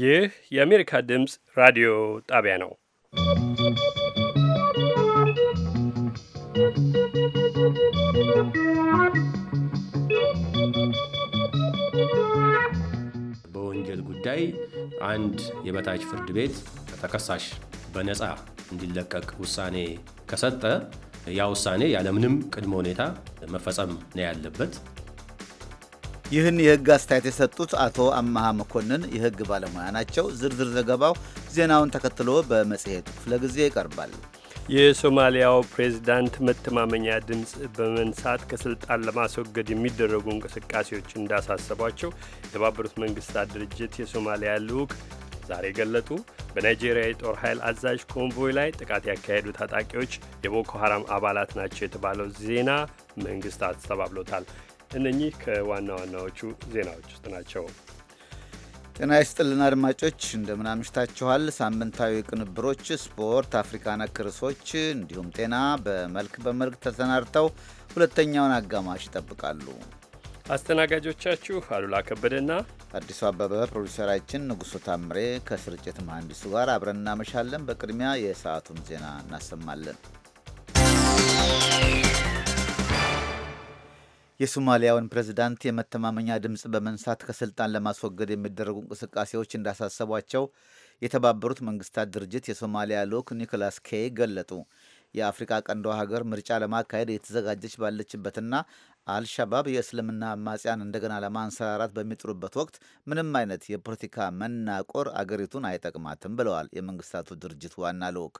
ይህ የአሜሪካ ድምፅ ራዲዮ ጣቢያ ነው። በወንጀል ጉዳይ አንድ የበታች ፍርድ ቤት ተከሳሽ በነፃ እንዲለቀቅ ውሳኔ ከሰጠ ያ ውሳኔ ያለምንም ቅድመ ሁኔታ መፈጸም ነው ያለበት። ይህን የህግ አስተያየት የሰጡት አቶ አመሃ መኮንን የህግ ባለሙያ ናቸው። ዝርዝር ዘገባው ዜናውን ተከትሎ በመጽሔቱ ክፍለ ጊዜ ይቀርባል። የሶማሊያው ፕሬዚዳንት መተማመኛ ድምፅ በመንሳት ከስልጣን ለማስወገድ የሚደረጉ እንቅስቃሴዎች እንዳሳሰቧቸው የተባበሩት መንግስታት ድርጅት የሶማሊያ ልዑክ ዛሬ ገለጡ። በናይጄሪያ የጦር ኃይል አዛዥ ኮንቮይ ላይ ጥቃት ያካሄዱ ታጣቂዎች የቦኮ ሀራም አባላት ናቸው የተባለው ዜና መንግስት አስተባብሎታል። እነኚህ ከዋና ዋናዎቹ ዜናዎች ውስጥ ናቸው። ጤና ይስጥልን አድማጮች፣ እንደምናምሽታችኋል። ሳምንታዊ ቅንብሮች፣ ስፖርት፣ አፍሪካ ነክ ርዕሶች እንዲሁም ጤና በመልክ በመልክ ተሰናድተው ሁለተኛውን አጋማሽ ይጠብቃሉ። አስተናጋጆቻችሁ አሉላ ከበደና አዲሱ አበበ፣ ፕሮዲሰራችን ንጉሱ ታምሬ ከስርጭት መሐንዲሱ ጋር አብረን እናመሻለን። በቅድሚያ የሰዓቱን ዜና እናሰማለን። የሶማሊያውን ፕሬዝዳንት የመተማመኛ ድምፅ በመንሳት ከስልጣን ለማስወገድ የሚደረጉ እንቅስቃሴዎች እንዳሳሰቧቸው የተባበሩት መንግስታት ድርጅት የሶማሊያ ልዑክ ኒኮላስ ኬይ ገለጡ። የአፍሪካ ቀንዷ ሀገር ምርጫ ለማካሄድ የተዘጋጀች ባለችበትና አልሻባብ የእስልምና አማጽያን እንደገና ለማንሰራራት በሚጥሩበት ወቅት ምንም አይነት የፖለቲካ መናቆር አገሪቱን አይጠቅማትም ብለዋል የመንግስታቱ ድርጅት ዋና ልዑክ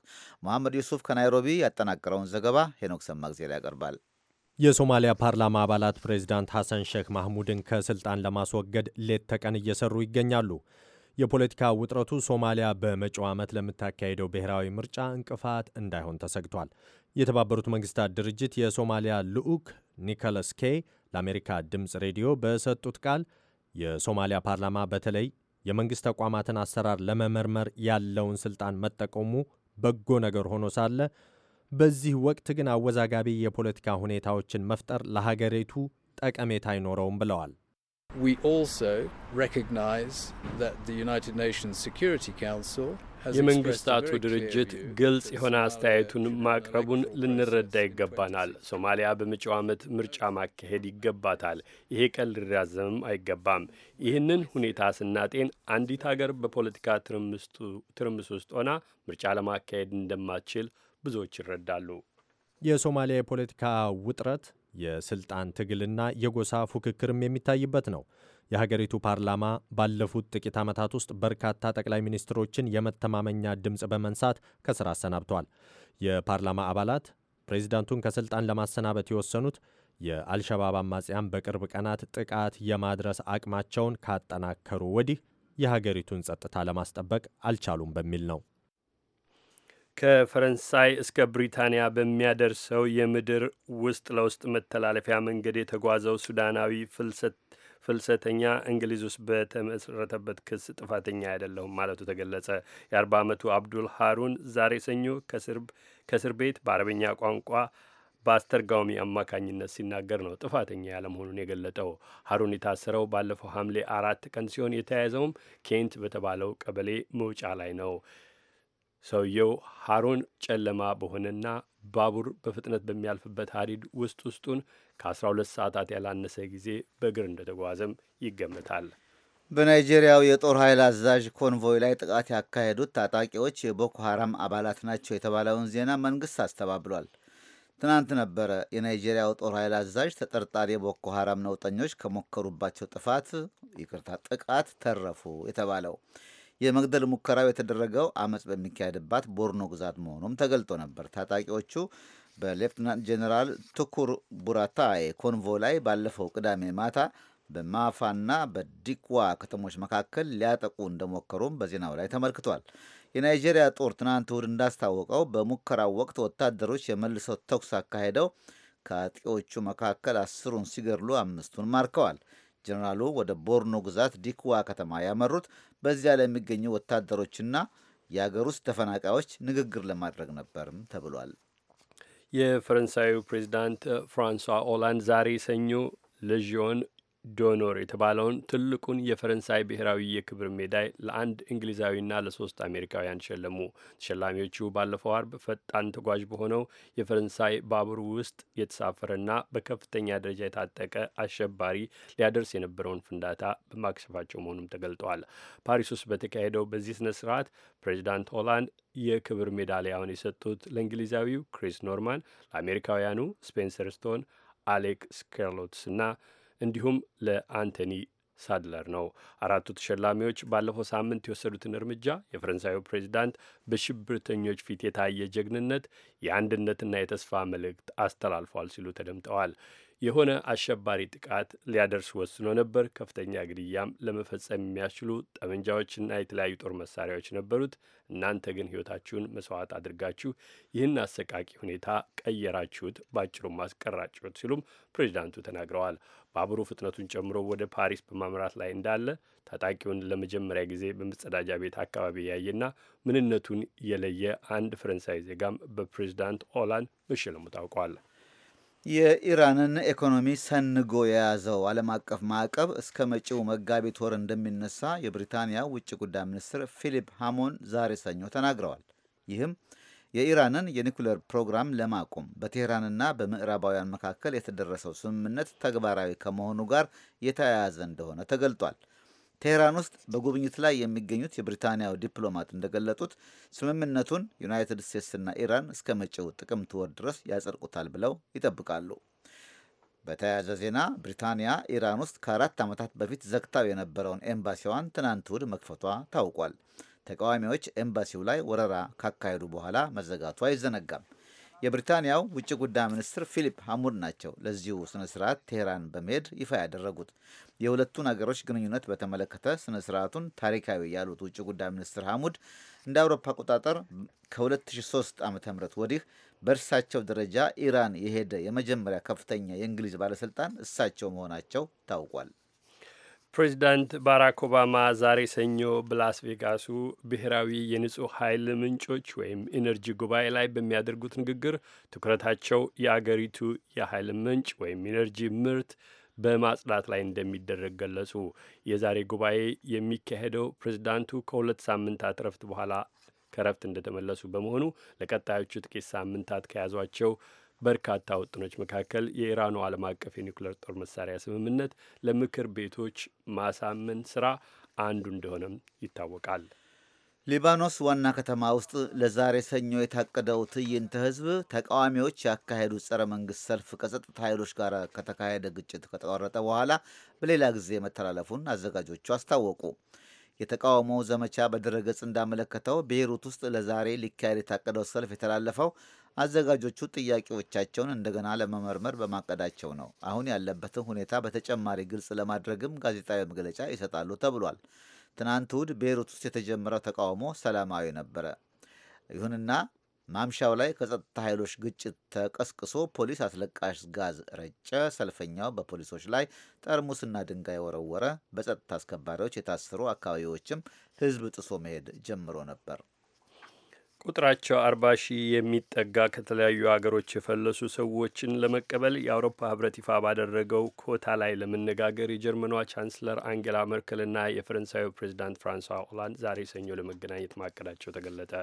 መሐመድ ዩሱፍ ከናይሮቢ ያጠናቀረውን ዘገባ ሄኖክ ሰማግዜር ያቀርባል። የሶማሊያ ፓርላማ አባላት ፕሬዚዳንት ሐሰን ሼክ ማህሙድን ከስልጣን ለማስወገድ ሌት ተቀን እየሰሩ ይገኛሉ። የፖለቲካ ውጥረቱ ሶማሊያ በመጪው ዓመት ለምታካሄደው ብሔራዊ ምርጫ እንቅፋት እንዳይሆን ተሰግቷል። የተባበሩት መንግስታት ድርጅት የሶማሊያ ልዑክ ኒኮለስ ኬይ ለአሜሪካ ድምፅ ሬዲዮ በሰጡት ቃል የሶማሊያ ፓርላማ በተለይ የመንግሥት ተቋማትን አሰራር ለመመርመር ያለውን ስልጣን መጠቀሙ በጎ ነገር ሆኖ ሳለ በዚህ ወቅት ግን አወዛጋቢ የፖለቲካ ሁኔታዎችን መፍጠር ለሀገሪቱ ጠቀሜታ አይኖረውም ብለዋል። የመንግስታቱ ድርጅት ግልጽ የሆነ አስተያየቱን ማቅረቡን ልንረዳ ይገባናል። ሶማሊያ በመጪው ዓመት ምርጫ ማካሄድ ይገባታል። ይሄ ቀን ሊራዘምም አይገባም። ይህንን ሁኔታ ስናጤን አንዲት ሀገር በፖለቲካ ትርምስ ውስጥ ሆና ምርጫ ለማካሄድ እንደማትችል ብዙዎች ይረዳሉ። የሶማሊያ የፖለቲካ ውጥረት የስልጣን ትግልና የጎሳ ፉክክርም የሚታይበት ነው። የሀገሪቱ ፓርላማ ባለፉት ጥቂት ዓመታት ውስጥ በርካታ ጠቅላይ ሚኒስትሮችን የመተማመኛ ድምፅ በመንሳት ከስራ አሰናብተዋል። የፓርላማ አባላት ፕሬዚዳንቱን ከስልጣን ለማሰናበት የወሰኑት የአልሸባብ አማጽያን በቅርብ ቀናት ጥቃት የማድረስ አቅማቸውን ካጠናከሩ ወዲህ የሀገሪቱን ጸጥታ ለማስጠበቅ አልቻሉም በሚል ነው። ከፈረንሳይ እስከ ብሪታንያ በሚያደርሰው የምድር ውስጥ ለውስጥ መተላለፊያ መንገድ የተጓዘው ሱዳናዊ ፍልሰት ፍልሰተኛ እንግሊዝ ውስጥ በተመሰረተበት ክስ ጥፋተኛ አይደለሁም ማለቱ ተገለጸ። የአርባ ዓመቱ አብዱል ሃሩን ዛሬ ሰኞ ከእስር ቤት በአረበኛ ቋንቋ በአስተርጋሚ አማካኝነት ሲናገር ነው ጥፋተኛ ያለመሆኑን የገለጠው። ሀሩን የታሰረው ባለፈው ሐምሌ አራት ቀን ሲሆን የተያያዘውም ኬንት በተባለው ቀበሌ መውጫ ላይ ነው። ሰውየው ሐሮን ጨለማ በሆነና ባቡር በፍጥነት በሚያልፍበት ሀዲድ ውስጥ ውስጡን ከ12 ሰዓታት ያላነሰ ጊዜ በእግር እንደተጓዘም ይገመታል። በናይጄሪያው የጦር ኃይል አዛዥ ኮንቮይ ላይ ጥቃት ያካሄዱት ታጣቂዎች የቦኮ ሐራም አባላት ናቸው የተባለውን ዜና መንግስት አስተባብሏል። ትናንት ነበረ የናይጄሪያው ጦር ኃይል አዛዥ ተጠርጣሪ የቦኮ ሐራም ነውጠኞች ከሞከሩባቸው ጥፋት ይቅርታ ጥቃት ተረፉ የተባለው የመግደል ሙከራው የተደረገው አመፅ በሚካሄድባት ቦርኖ ግዛት መሆኑም ተገልጦ ነበር። ታጣቂዎቹ በሌፍትናንት ጀኔራል ትኩር ቡራታ ኮንቮ ላይ ባለፈው ቅዳሜ ማታ በማፋና በዲክዋ ከተሞች መካከል ሊያጠቁ እንደሞከሩም በዜናው ላይ ተመልክቷል። የናይጄሪያ ጦር ትናንት እሁድ እንዳስታወቀው በሙከራው ወቅት ወታደሮች የመልሰው ተኩስ አካሄደው ከአጥቂዎቹ መካከል አስሩን ሲገድሉ አምስቱን ማርከዋል። ጀነራሉ ወደ ቦርኖ ግዛት ዲክዋ ከተማ ያመሩት በዚያ ላይ የሚገኙ ወታደሮችና የአገር ውስጥ ተፈናቃዮች ንግግር ለማድረግ ነበርም ተብሏል። የፈረንሳዩ ፕሬዚዳንት ፍራንሷ ኦላንድ ዛሬ ሰኞ ለዥዮን ዶኖር የተባለውን ትልቁን የፈረንሳይ ብሔራዊ የክብር ሜዳይ ለአንድ እንግሊዛዊና ለሶስት አሜሪካውያን ሸለሙ። ተሸላሚዎቹ ባለፈው አርብ ፈጣን ተጓዥ በሆነው የፈረንሳይ ባቡር ውስጥ የተሳፈረና በከፍተኛ ደረጃ የታጠቀ አሸባሪ ሊያደርስ የነበረውን ፍንዳታ በማክሸፋቸው መሆኑም ተገልጠዋል። ፓሪስ ውስጥ በተካሄደው በዚህ ስነ ስርዓት ፕሬዚዳንት ሆላንድ የክብር ሜዳሊያውን የሰጡት ለእንግሊዛዊው ክሪስ ኖርማን፣ ለአሜሪካውያኑ ስፔንሰር ስቶን፣ አሌክ ከርሎትስ ና እንዲሁም ለአንቶኒ ሳድለር ነው። አራቱ ተሸላሚዎች ባለፈው ሳምንት የወሰዱትን እርምጃ የፈረንሳዩ ፕሬዚዳንት በሽብርተኞች ፊት የታየ ጀግንነት፣ የአንድነትና የተስፋ መልእክት አስተላልፏል ሲሉ ተደምጠዋል። የሆነ አሸባሪ ጥቃት ሊያደርስ ወስኖ ነበር። ከፍተኛ ግድያም ለመፈጸም የሚያስችሉ ጠመንጃዎችና የተለያዩ ጦር መሳሪያዎች ነበሩት። እናንተ ግን ሕይወታችሁን መስዋዕት አድርጋችሁ ይህን አሰቃቂ ሁኔታ ቀየራችሁት፣ ባጭሩም አስቀራችሁት ሲሉም ፕሬዚዳንቱ ተናግረዋል። ባቡሩ ፍጥነቱን ጨምሮ ወደ ፓሪስ በማምራት ላይ እንዳለ ታጣቂውን ለመጀመሪያ ጊዜ በመጸዳጃ ቤት አካባቢ ያየና ምንነቱን የለየ አንድ ፈረንሳይ ዜጋም በፕሬዚዳንት ኦላንድ መሸለሙ ታውቋል። የኢራንን ኢኮኖሚ ሰንጎ የያዘው ዓለም አቀፍ ማዕቀብ እስከ መጪው መጋቢት ወር እንደሚነሳ የብሪታንያ ውጭ ጉዳይ ሚኒስትር ፊሊፕ ሃሞን ዛሬ ሰኞ ተናግረዋል። ይህም የኢራንን የኒኩሌር ፕሮግራም ለማቆም በቴህራንና በምዕራባውያን መካከል የተደረሰው ስምምነት ተግባራዊ ከመሆኑ ጋር የተያያዘ እንደሆነ ተገልጧል። ቴህራን ውስጥ በጉብኝት ላይ የሚገኙት የብሪታንያው ዲፕሎማት እንደገለጡት ስምምነቱን ዩናይትድ ስቴትስና ኢራን እስከ መጪው ጥቅምት ወር ድረስ ያጸድቁታል ብለው ይጠብቃሉ። በተያያዘ ዜና ብሪታንያ ኢራን ውስጥ ከአራት ዓመታት በፊት ዘግታው የነበረውን ኤምባሲዋን ትናንት እሁድ መክፈቷ ታውቋል። ተቃዋሚዎች ኤምባሲው ላይ ወረራ ካካሄዱ በኋላ መዘጋቱ አይዘነጋም። የብሪታንያው ውጭ ጉዳይ ሚኒስትር ፊሊፕ ሐሙድ ናቸው ለዚሁ ስነ ስርዓት ቴህራን በመሄድ ይፋ ያደረጉት። የሁለቱን አገሮች ግንኙነት በተመለከተ ስነ ስርዓቱን ታሪካዊ ያሉት ውጭ ጉዳይ ሚኒስትር ሐሙድ እንደ አውሮፓ አቆጣጠር ከ2003 ዓ ም ወዲህ በእርሳቸው ደረጃ ኢራን የሄደ የመጀመሪያ ከፍተኛ የእንግሊዝ ባለስልጣን እሳቸው መሆናቸው ታውቋል። ፕሬዚዳንት ባራክ ኦባማ ዛሬ ሰኞ በላስ ቬጋሱ ብሔራዊ የንጹህ ኃይል ምንጮች ወይም ኢነርጂ ጉባኤ ላይ በሚያደርጉት ንግግር ትኩረታቸው የአገሪቱ የኃይል ምንጭ ወይም ኢነርጂ ምርት በማጽዳት ላይ እንደሚደረግ ገለጹ። የዛሬ ጉባኤ የሚካሄደው ፕሬዚዳንቱ ከሁለት ሳምንታት እረፍት በኋላ ከረፍት እንደተመለሱ በመሆኑ ለቀጣዮቹ ጥቂት ሳምንታት ከያዟቸው በርካታ ውጥኖች መካከል የኢራኑ ዓለም አቀፍ የኒውክሌር ጦር መሳሪያ ስምምነት ለምክር ቤቶች ማሳመን ስራ አንዱ እንደሆነም ይታወቃል። ሊባኖስ ዋና ከተማ ውስጥ ለዛሬ ሰኞ የታቀደው ትዕይንተ ህዝብ ተቃዋሚዎች ያካሄዱት ጸረ መንግስት ሰልፍ ከጸጥታ ኃይሎች ጋር ከተካሄደ ግጭት ከተቋረጠ በኋላ በሌላ ጊዜ መተላለፉን አዘጋጆቹ አስታወቁ። የተቃውሞው ዘመቻ በድረገጽ እንዳመለከተው ቤይሩት ውስጥ ለዛሬ ሊካሄድ የታቀደው ሰልፍ የተላለፈው አዘጋጆቹ ጥያቄዎቻቸውን እንደገና ለመመርመር በማቀዳቸው ነው። አሁን ያለበትን ሁኔታ በተጨማሪ ግልጽ ለማድረግም ጋዜጣዊ መግለጫ ይሰጣሉ ተብሏል። ትናንት እሁድ ቤይሩት ውስጥ የተጀመረው ተቃውሞ ሰላማዊ ነበረ። ይሁንና ማምሻው ላይ ከጸጥታ ኃይሎች ግጭት ተቀስቅሶ ፖሊስ አስለቃሽ ጋዝ ረጨ። ሰልፈኛው በፖሊሶች ላይ ጠርሙስና ድንጋይ ወረወረ። በጸጥታ አስከባሪዎች የታሰሩ አካባቢዎችም ሕዝብ ጥሶ መሄድ ጀምሮ ነበር። ቁጥራቸው አርባ ሺህ የሚጠጋ ከተለያዩ ሀገሮች የፈለሱ ሰዎችን ለመቀበል የአውሮፓ ህብረት ይፋ ባደረገው ኮታ ላይ ለመነጋገር የጀርመኗ ቻንስለር አንጌላ መርከልና የፈረንሳዩ ፕሬዚዳንት ፍራንሷ ኦላንድ ዛሬ ሰኞ ለመገናኘት ማቀዳቸው ተገለጠ።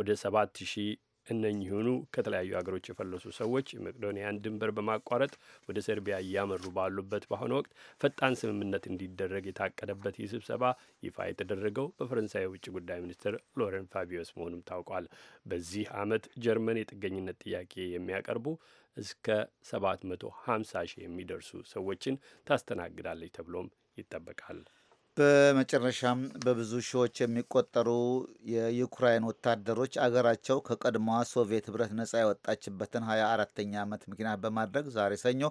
ወደ ሰባት ሺህ ሆኑ ከተለያዩ ሀገሮች የፈለሱ ሰዎች የመቅዶኒያን ድንበር በማቋረጥ ወደ ሰርቢያ እያመሩ ባሉበት በአሁኑ ወቅት ፈጣን ስምምነት እንዲደረግ የታቀደበት ይህ ስብሰባ ይፋ የተደረገው በፈረንሳይ የውጭ ጉዳይ ሚኒስትር ሎረን ፋቢዮስ መሆኑም ታውቋል። በዚህ ዓመት ጀርመን የጥገኝነት ጥያቄ የሚያቀርቡ እስከ 750 ሺህ የሚደርሱ ሰዎችን ታስተናግዳለች ተብሎም ይጠበቃል። በመጨረሻም በብዙ ሺዎች የሚቆጠሩ የዩክራይን ወታደሮች አገራቸው ከቀድሞዋ ሶቪየት ህብረት ነጻ የወጣችበትን ሀያ አራተኛ ዓመት ምክንያት በማድረግ ዛሬ ሰኞ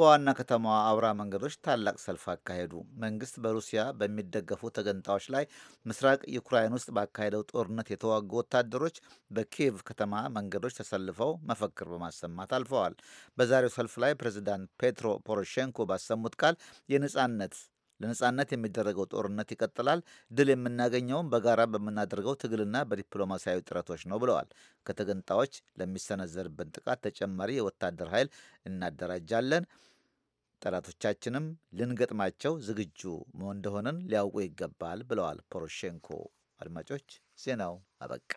በዋና ከተማዋ አውራ መንገዶች ታላቅ ሰልፍ አካሄዱ። መንግስት በሩሲያ በሚደገፉ ተገንጣዎች ላይ ምስራቅ ዩክራይን ውስጥ ባካሄደው ጦርነት የተዋጉ ወታደሮች በኪየቭ ከተማ መንገዶች ተሰልፈው መፈክር በማሰማት አልፈዋል። በዛሬው ሰልፍ ላይ ፕሬዚዳንት ፔትሮ ፖሮሼንኮ ባሰሙት ቃል የነጻነት ለነጻነት የሚደረገው ጦርነት ይቀጥላል። ድል የምናገኘውም በጋራ በምናደርገው ትግልና በዲፕሎማሲያዊ ጥረቶች ነው ብለዋል። ከተገንጣዎች ለሚሰነዘርብን ጥቃት ተጨማሪ የወታደር ኃይል እናደራጃለን። ጠላቶቻችንም ልንገጥማቸው ዝግጁ መሆን እንደሆነን ሊያውቁ ይገባል ብለዋል ፖሮሼንኮ። አድማጮች ዜናው አበቃ።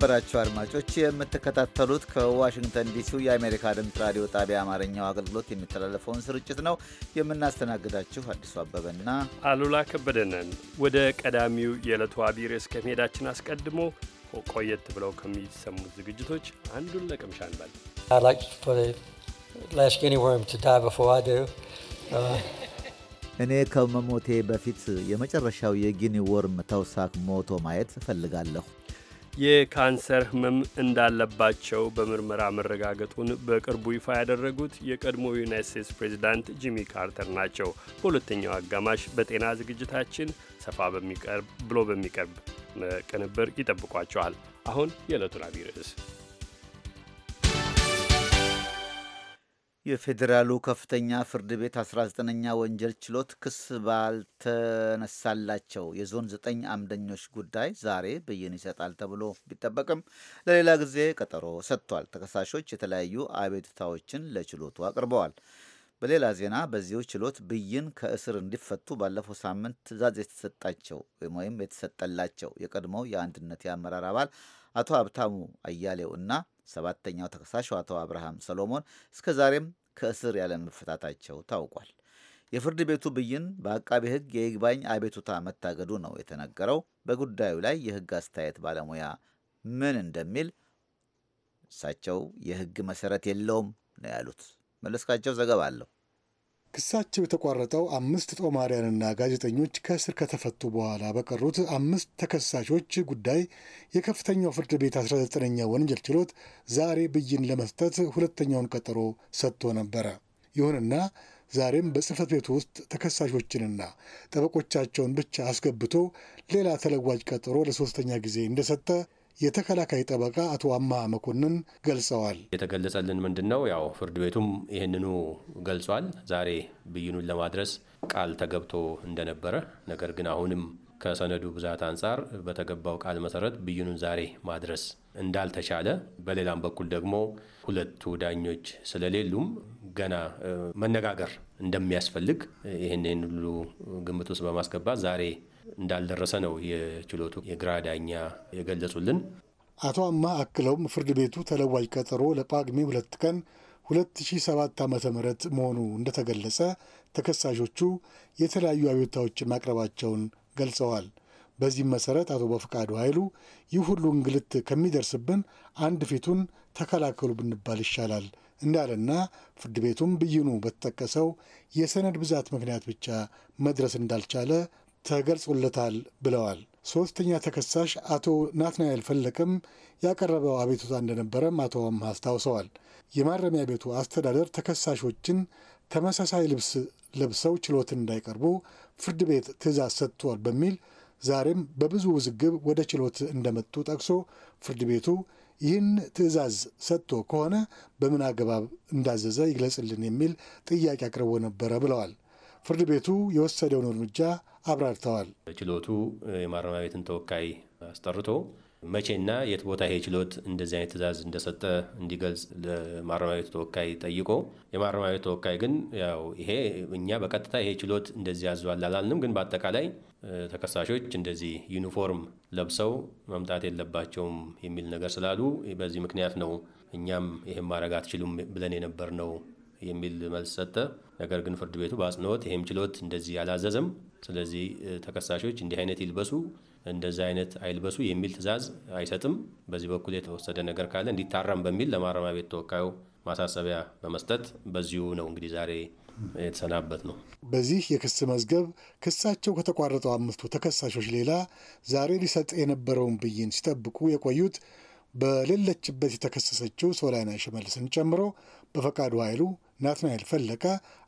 የተከበራችሁ አድማጮች የምትከታተሉት ከዋሽንግተን ዲሲው የአሜሪካ ድምፅ ራዲዮ ጣቢያ አማርኛው አገልግሎት የሚተላለፈውን ስርጭት ነው። የምናስተናግዳችሁ አዲሱ አበበና አሉላ ከበደነን። ወደ ቀዳሚው የዕለቱ አቢር እስከ መሄዳችን አስቀድሞ ቆየት ብለው ከሚሰሙት ዝግጅቶች አንዱን ለቅምሻ እንበል። እኔ ከመሞቴ በፊት የመጨረሻው የጊኒ ወርም ተውሳክ ሞቶ ማየት እፈልጋለሁ። የካንሰር ህመም እንዳለባቸው በምርመራ መረጋገጡን በቅርቡ ይፋ ያደረጉት የቀድሞ ዩናይት ስቴትስ ፕሬዚዳንት ጂሚ ካርተር ናቸው። በሁለተኛው አጋማሽ በጤና ዝግጅታችን ሰፋ ብሎ በሚቀርብ ቅንብር ይጠብቋቸዋል። አሁን የዕለቱን አብይ ርዕስ የፌዴራሉ ከፍተኛ ፍርድ ቤት 19ኛ ወንጀል ችሎት ክስ ባልተነሳላቸው የዞን 9 አምደኞች ጉዳይ ዛሬ ብይን ይሰጣል ተብሎ ቢጠበቅም ለሌላ ጊዜ ቀጠሮ ሰጥቷል። ተከሳሾች የተለያዩ አቤቱታዎችን ለችሎቱ አቅርበዋል። በሌላ ዜና በዚሁ ችሎት ብይን ከእስር እንዲፈቱ ባለፈው ሳምንት ትዕዛዝ የተሰጣቸው ወይም የተሰጠላቸው የቀድሞው የአንድነት የአመራር አባል አቶ ሀብታሙ አያሌው እና ሰባተኛው ተከሳሽ አቶ አብርሃም ሰሎሞን እስከ ዛሬም ከእስር ያለ መፈታታቸው ታውቋል። የፍርድ ቤቱ ብይን በአቃቢ ሕግ የይግባኝ አቤቱታ መታገዱ ነው የተነገረው። በጉዳዩ ላይ የሕግ አስተያየት ባለሙያ ምን እንደሚል እሳቸው የሕግ መሰረት የለውም ነው ያሉት። መለስካቸው ዘገባ አለሁ። ክሳቸው የተቋረጠው አምስት ጦማሪያንና ጋዜጠኞች ከእስር ከተፈቱ በኋላ በቀሩት አምስት ተከሳሾች ጉዳይ የከፍተኛው ፍርድ ቤት 19ኛ ወንጀል ችሎት ዛሬ ብይን ለመስጠት ሁለተኛውን ቀጠሮ ሰጥቶ ነበረ። ይሁንና ዛሬም በጽህፈት ቤቱ ውስጥ ተከሳሾችንና ጠበቆቻቸውን ብቻ አስገብቶ ሌላ ተለዋጭ ቀጠሮ ለሶስተኛ ጊዜ እንደሰጠ የተከላካይ ጠበቃ አቶ አማ መኮንን ገልጸዋል። የተገለጸልን ምንድን ነው ያው ፍርድ ቤቱም ይህንኑ ገልጿል። ዛሬ ብይኑን ለማድረስ ቃል ተገብቶ እንደነበረ ነገር ግን አሁንም ከሰነዱ ብዛት አንጻር በተገባው ቃል መሰረት ብይኑን ዛሬ ማድረስ እንዳልተቻለ፣ በሌላም በኩል ደግሞ ሁለቱ ዳኞች ስለሌሉም ገና መነጋገር እንደሚያስፈልግ ይህን ሁሉ ግምት ውስጥ በማስገባት ዛሬ እንዳልደረሰ ነው የችሎቱ የግራ ዳኛ የገለጹልን። አቶ አማ አክለውም ፍርድ ቤቱ ተለዋጅ ቀጠሮ ለጳጉሜ ሁለት ቀን 2007 ዓ ም መሆኑ እንደተገለጸ ተከሳሾቹ የተለያዩ አቤቱታዎችን ማቅረባቸውን ገልጸዋል። በዚህም መሰረት አቶ በፍቃዱ ኃይሉ ይህ ሁሉ እንግልት ከሚደርስብን አንድ ፊቱን ተከላከሉ ብንባል ይሻላል እንዳለና ፍርድ ቤቱም ብይኑ በተጠቀሰው የሰነድ ብዛት ምክንያት ብቻ መድረስ እንዳልቻለ ተገልጾለታል ብለዋል። ሶስተኛ ተከሳሽ አቶ ናትናኤል ፈለቀም ያቀረበው አቤቱታ እንደነበረም አቶ አምሃ አስታውሰዋል። የማረሚያ ቤቱ አስተዳደር ተከሳሾችን ተመሳሳይ ልብስ ለብሰው ችሎት እንዳይቀርቡ ፍርድ ቤት ትዕዛዝ ሰጥቷል በሚል ዛሬም በብዙ ውዝግብ ወደ ችሎት እንደመጡ ጠቅሶ ፍርድ ቤቱ ይህን ትዕዛዝ ሰጥቶ ከሆነ በምን አገባብ እንዳዘዘ ይግለጽልን የሚል ጥያቄ አቅርቦ ነበረ ብለዋል። ፍርድ ቤቱ የወሰደውን እርምጃ አብራርተዋል። ችሎቱ የማረሚያ ቤትን ተወካይ አስጠርቶ መቼና የት ቦታ ይሄ ችሎት እንደዚህ አይነት ትእዛዝ እንደሰጠ እንዲገልጽ ለማረሚያ ቤቱ ተወካይ ጠይቆ የማረሚያ ቤቱ ተወካይ ግን ያው ይሄ እኛ በቀጥታ ይሄ ችሎት እንደዚህ ያዟል አላልንም፣ ግን በአጠቃላይ ተከሳሾች እንደዚህ ዩኒፎርም ለብሰው መምጣት የለባቸውም የሚል ነገር ስላሉ በዚህ ምክንያት ነው እኛም ይህም ማድረግ አትችሉም ብለን የነበር ነው የሚል መልስ ሰጠ። ነገር ግን ፍርድ ቤቱ በአጽንኦት ይህም ችሎት እንደዚህ አላዘዘም፣ ስለዚህ ተከሳሾች እንዲህ አይነት ይልበሱ፣ እንደዚህ አይነት አይልበሱ የሚል ትዕዛዝ አይሰጥም። በዚህ በኩል የተወሰደ ነገር ካለ እንዲታረም በሚል ለማረሚያ ቤት ተወካዩ ማሳሰቢያ በመስጠት በዚሁ ነው እንግዲህ ዛሬ የተሰናበት ነው። በዚህ የክስ መዝገብ ክሳቸው ከተቋረጠው አምስቱ ተከሳሾች ሌላ ዛሬ ሊሰጥ የነበረውን ብይን ሲጠብቁ የቆዩት በሌለችበት የተከሰሰችው ሶላይና ሽመልስን ጨምሮ በፈቃዱ ኃይሉ ናትናኤል ፈለቀ፣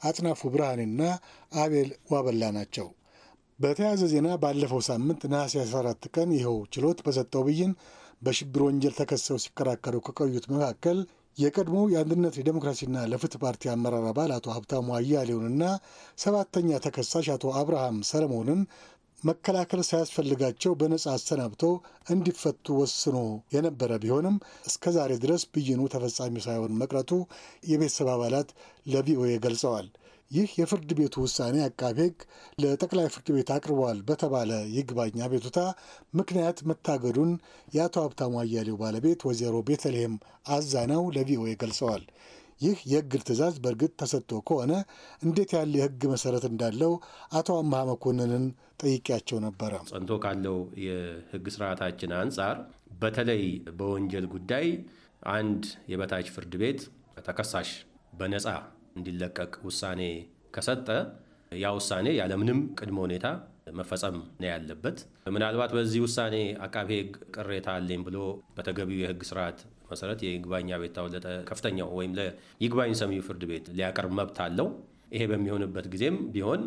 አጥናፉ ብርሃኔና አቤል ዋበላ ናቸው። በተያያዘ ዜና ባለፈው ሳምንት ነሐሴ 14 ቀን ይኸው ችሎት በሰጠው ብይን በሽብር ወንጀል ተከሰው ሲከራከሩ ከቆዩት መካከል የቀድሞ የአንድነት ለዲሞክራሲና ለፍትህ ፓርቲ አመራር አባል አቶ ሀብታሙ አያሌውንና ሰባተኛ ተከሳሽ አቶ አብርሃም ሰለሞንን መከላከል ሳያስፈልጋቸው በነጻ አሰናብቶ እንዲፈቱ ወስኖ የነበረ ቢሆንም እስከ ዛሬ ድረስ ብይኑ ተፈጻሚ ሳይሆን መቅረቱ የቤተሰብ አባላት ለቪኦኤ ገልጸዋል። ይህ የፍርድ ቤቱ ውሳኔ አቃቤ ሕግ ለጠቅላይ ፍርድ ቤት አቅርበዋል በተባለ ይግባኝ አቤቱታ ምክንያት መታገዱን የአቶ ሀብታሙ አያሌው ባለቤት ወይዘሮ ቤተልሔም አዛናው ለቪኦኤ ገልጸዋል። ይህ የእግድ ትዕዛዝ በእርግጥ ተሰጥቶ ከሆነ እንዴት ያለ የህግ መሰረት እንዳለው አቶ አምሃ መኮንንን ጠይቄያቸው ነበረ። ጸንቶ ካለው የህግ ስርዓታችን አንጻር በተለይ በወንጀል ጉዳይ አንድ የበታች ፍርድ ቤት ተከሳሽ በነፃ እንዲለቀቅ ውሳኔ ከሰጠ ያ ውሳኔ ያለምንም ቅድመ ሁኔታ መፈጸም ነው ያለበት። ምናልባት በዚህ ውሳኔ አቃቤ ህግ ቅሬታ አለኝ ብሎ በተገቢው የህግ ስርዓት መሰረት የይግባኝ አቤቱታ ታወለጠ ከፍተኛው ወይም ለይግባኝ ሰሚው ፍርድ ቤት ሊያቀርብ መብት አለው። ይሄ በሚሆንበት ጊዜም ቢሆን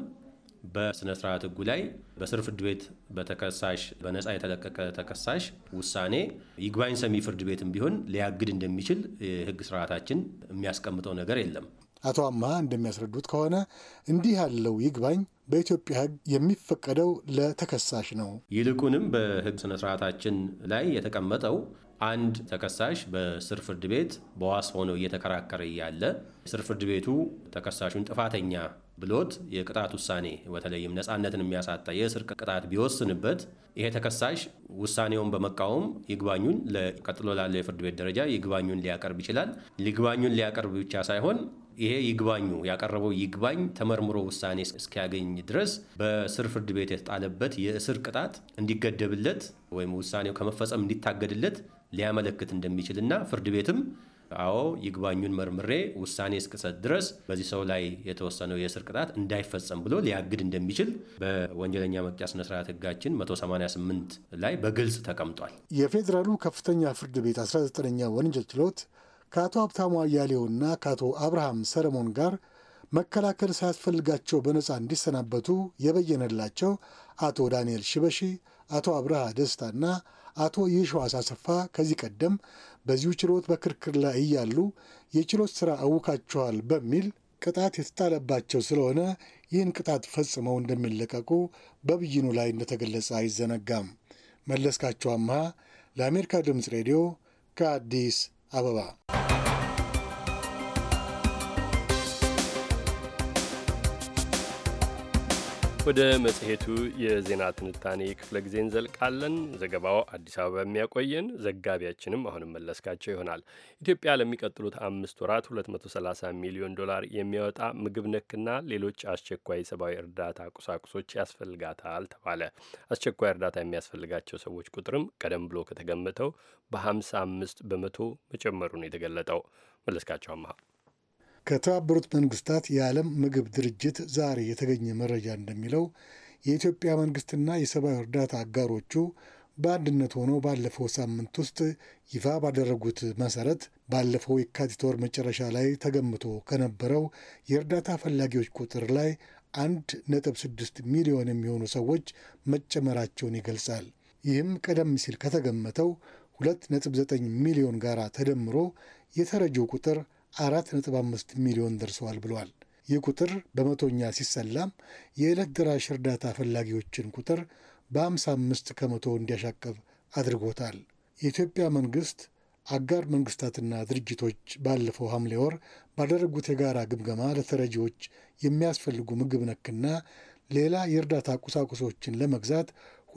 በስነ ስርዓት ህጉ ላይ በስር ፍርድ ቤት በተከሳሽ በነፃ የተለቀቀ ተከሳሽ ውሳኔ ይግባኝ ሰሚ ፍርድ ቤትም ቢሆን ሊያግድ እንደሚችል የህግ ስርዓታችን የሚያስቀምጠው ነገር የለም። አቶ አማ እንደሚያስረዱት ከሆነ እንዲህ ያለው ይግባኝ በኢትዮጵያ ህግ የሚፈቀደው ለተከሳሽ ነው። ይልቁንም በህግ ስነ ስርዓታችን ላይ የተቀመጠው አንድ ተከሳሽ በስር ፍርድ ቤት በዋስ ሆኖ እየተከራከረ እያለ ስር ፍርድ ቤቱ ተከሳሹን ጥፋተኛ ብሎት የቅጣት ውሳኔ በተለይም ነፃነትን የሚያሳጣ የእስር ቅጣት ቢወስንበት ይሄ ተከሳሽ ውሳኔውን በመቃወም ይግባኙን ቀጥሎ ላለው የፍርድ ቤት ደረጃ ይግባኙን ሊያቀርብ ይችላል። ይግባኙን ሊያቀርብ ብቻ ሳይሆን ይሄ ይግባኙ ያቀረበው ይግባኝ ተመርምሮ ውሳኔ እስኪያገኝ ድረስ በስር ፍርድ ቤት የተጣለበት የእስር ቅጣት እንዲገደብለት ወይም ውሳኔው ከመፈጸም እንዲታገድለት ሊያመለክት እንደሚችልና ፍርድ ቤትም አዎ ይግባኙን መርምሬ ውሳኔ እስክሰጥ ድረስ በዚህ ሰው ላይ የተወሰነው የእስር ቅጣት እንዳይፈጸም ብሎ ሊያግድ እንደሚችል በወንጀለኛ መቅጫ ስነስርዓት ህጋችን 188 ላይ በግልጽ ተቀምጧል። የፌዴራሉ ከፍተኛ ፍርድ ቤት 19ኛ ወንጀል ችሎት ከአቶ ሀብታሙ አያሌውና ከአቶ አብርሃም ሰለሞን ጋር መከላከል ሳያስፈልጋቸው በነፃ እንዲሰናበቱ የበየነላቸው አቶ ዳንኤል ሽበሺ፣ አቶ አብርሃ ደስታና አቶ የሸዋስ አሰፋ ከዚህ ቀደም በዚሁ ችሎት በክርክር ላይ እያሉ የችሎት ስራ አውካችኋል በሚል ቅጣት የተጣለባቸው ስለሆነ ይህን ቅጣት ፈጽመው እንደሚለቀቁ በብይኑ ላይ እንደተገለጸ አይዘነጋም። መለስካቸው አምሃ ለአሜሪካ ድምፅ ሬዲዮ ከአዲስ አበባ ወደ መጽሔቱ የዜና ትንታኔ ክፍለ ጊዜ እንዘልቃለን። ዘገባው አዲስ አበባ የሚያቆየን ዘጋቢያችንም አሁንም መለስካቸው ይሆናል። ኢትዮጵያ ለሚቀጥሉት አምስት ወራት 230 ሚሊዮን ዶላር የሚያወጣ ምግብ ነክና ሌሎች አስቸኳይ ሰብአዊ እርዳታ ቁሳቁሶች ያስፈልጋታል ተባለ። አስቸኳይ እርዳታ የሚያስፈልጋቸው ሰዎች ቁጥርም ቀደም ብሎ ከተገመተው በ55 በመቶ መጨመሩ ነው የተገለጠው። መለስካቸው አመሃ ከተባበሩት መንግስታት የዓለም ምግብ ድርጅት ዛሬ የተገኘ መረጃ እንደሚለው የኢትዮጵያ መንግስትና የሰብአዊ እርዳታ አጋሮቹ በአንድነት ሆነው ባለፈው ሳምንት ውስጥ ይፋ ባደረጉት መሰረት ባለፈው የካቲት ወር መጨረሻ ላይ ተገምቶ ከነበረው የእርዳታ ፈላጊዎች ቁጥር ላይ አንድ ነጥብ ስድስት ሚሊዮን የሚሆኑ ሰዎች መጨመራቸውን ይገልጻል። ይህም ቀደም ሲል ከተገመተው ሁለት ነጥብ ዘጠኝ ሚሊዮን ጋር ተደምሮ የተረጂው ቁጥር አራት ነጥብ አምስት ሚሊዮን ደርሰዋል ብለዋል። ይህ ቁጥር በመቶኛ ሲሰላም የዕለት ደራሽ እርዳታ ፈላጊዎችን ቁጥር በ55 ከመቶ እንዲያሻቅብ አድርጎታል። የኢትዮጵያ መንግስት አጋር መንግስታትና ድርጅቶች ባለፈው ሐምሌ ወር ባደረጉት የጋራ ግምገማ ለተረጂዎች የሚያስፈልጉ ምግብ ነክና ሌላ የእርዳታ ቁሳቁሶችን ለመግዛት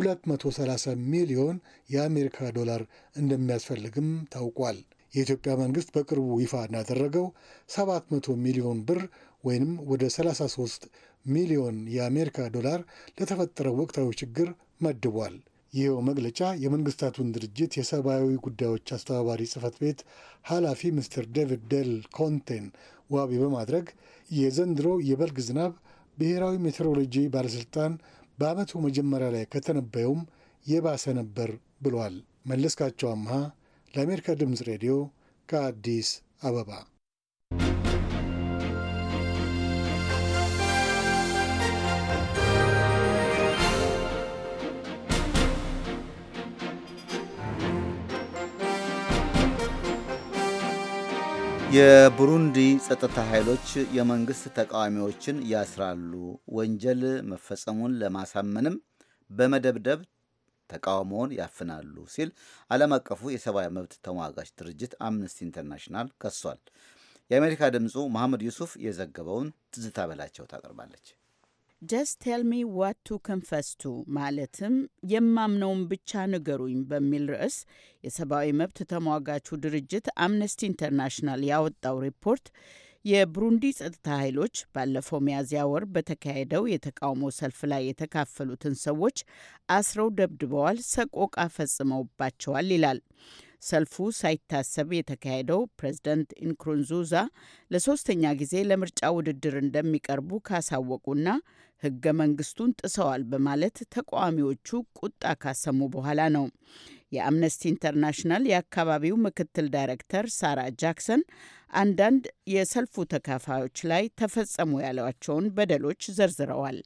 230 ሚሊዮን የአሜሪካ ዶላር እንደሚያስፈልግም ታውቋል። የኢትዮጵያ መንግስት በቅርቡ ይፋ እንዳደረገው 700 ሚሊዮን ብር ወይም ወደ 33 ሚሊዮን የአሜሪካ ዶላር ለተፈጠረው ወቅታዊ ችግር መድቧል። ይኸው መግለጫ የመንግስታቱን ድርጅት የሰብአዊ ጉዳዮች አስተባባሪ ጽህፈት ቤት ኃላፊ ምስትር ዴቪድ ደል ኮንቴን ዋቢ በማድረግ የዘንድሮ የበልግ ዝናብ ብሔራዊ ሜትሮሎጂ ባለሥልጣን በዓመቱ መጀመሪያ ላይ ከተነበየውም የባሰ ነበር ብሏል። መለስካቸው አምሃ ለአሜሪካ ድምፅ ሬዲዮ ከአዲስ አበባ የቡሩንዲ ጸጥታ ኃይሎች የመንግሥት ተቃዋሚዎችን ያስራሉ። ወንጀል መፈጸሙን ለማሳመንም በመደብደብ ተቃውሞውን ያፍናሉ ሲል ዓለም አቀፉ የሰብአዊ መብት ተሟጋች ድርጅት አምነስቲ ኢንተርናሽናል ከሷል። የአሜሪካ ድምፁ መሐመድ ዩሱፍ የዘገበውን ትዝታ በላቸው ታቀርባለች። ጀስት ቴል ሚ ዋት ቱ ቱ ማለትም የማምነውን ብቻ ንገሩኝ በሚል ርዕስ የሰብአዊ መብት ተሟጋቹ ድርጅት አምነስቲ ኢንተርናሽናል ያወጣው ሪፖርት የብሩንዲ ጸጥታ ኃይሎች ባለፈው ሚያዝያ ወር በተካሄደው የተቃውሞ ሰልፍ ላይ የተካፈሉትን ሰዎች አስረው ደብድበዋል፣ ሰቆቃ ፈጽመውባቸዋል ይላል። ሰልፉ ሳይታሰብ የተካሄደው ፕሬዝደንት ኢንክሩንዙዛ ለሶስተኛ ጊዜ ለምርጫ ውድድር እንደሚቀርቡ ካሳወቁና ህገ መንግስቱን ጥሰዋል በማለት ተቃዋሚዎቹ ቁጣ ካሰሙ በኋላ ነው። የአምነስቲ ኢንተርናሽናል የአካባቢው ምክትል ዳይሬክተር ሳራ ጃክሰን አንዳንድ የሰልፉ ተካፋዮች ላይ ተፈጸሙ ያሏቸውን በደሎች ዘርዝረዋል።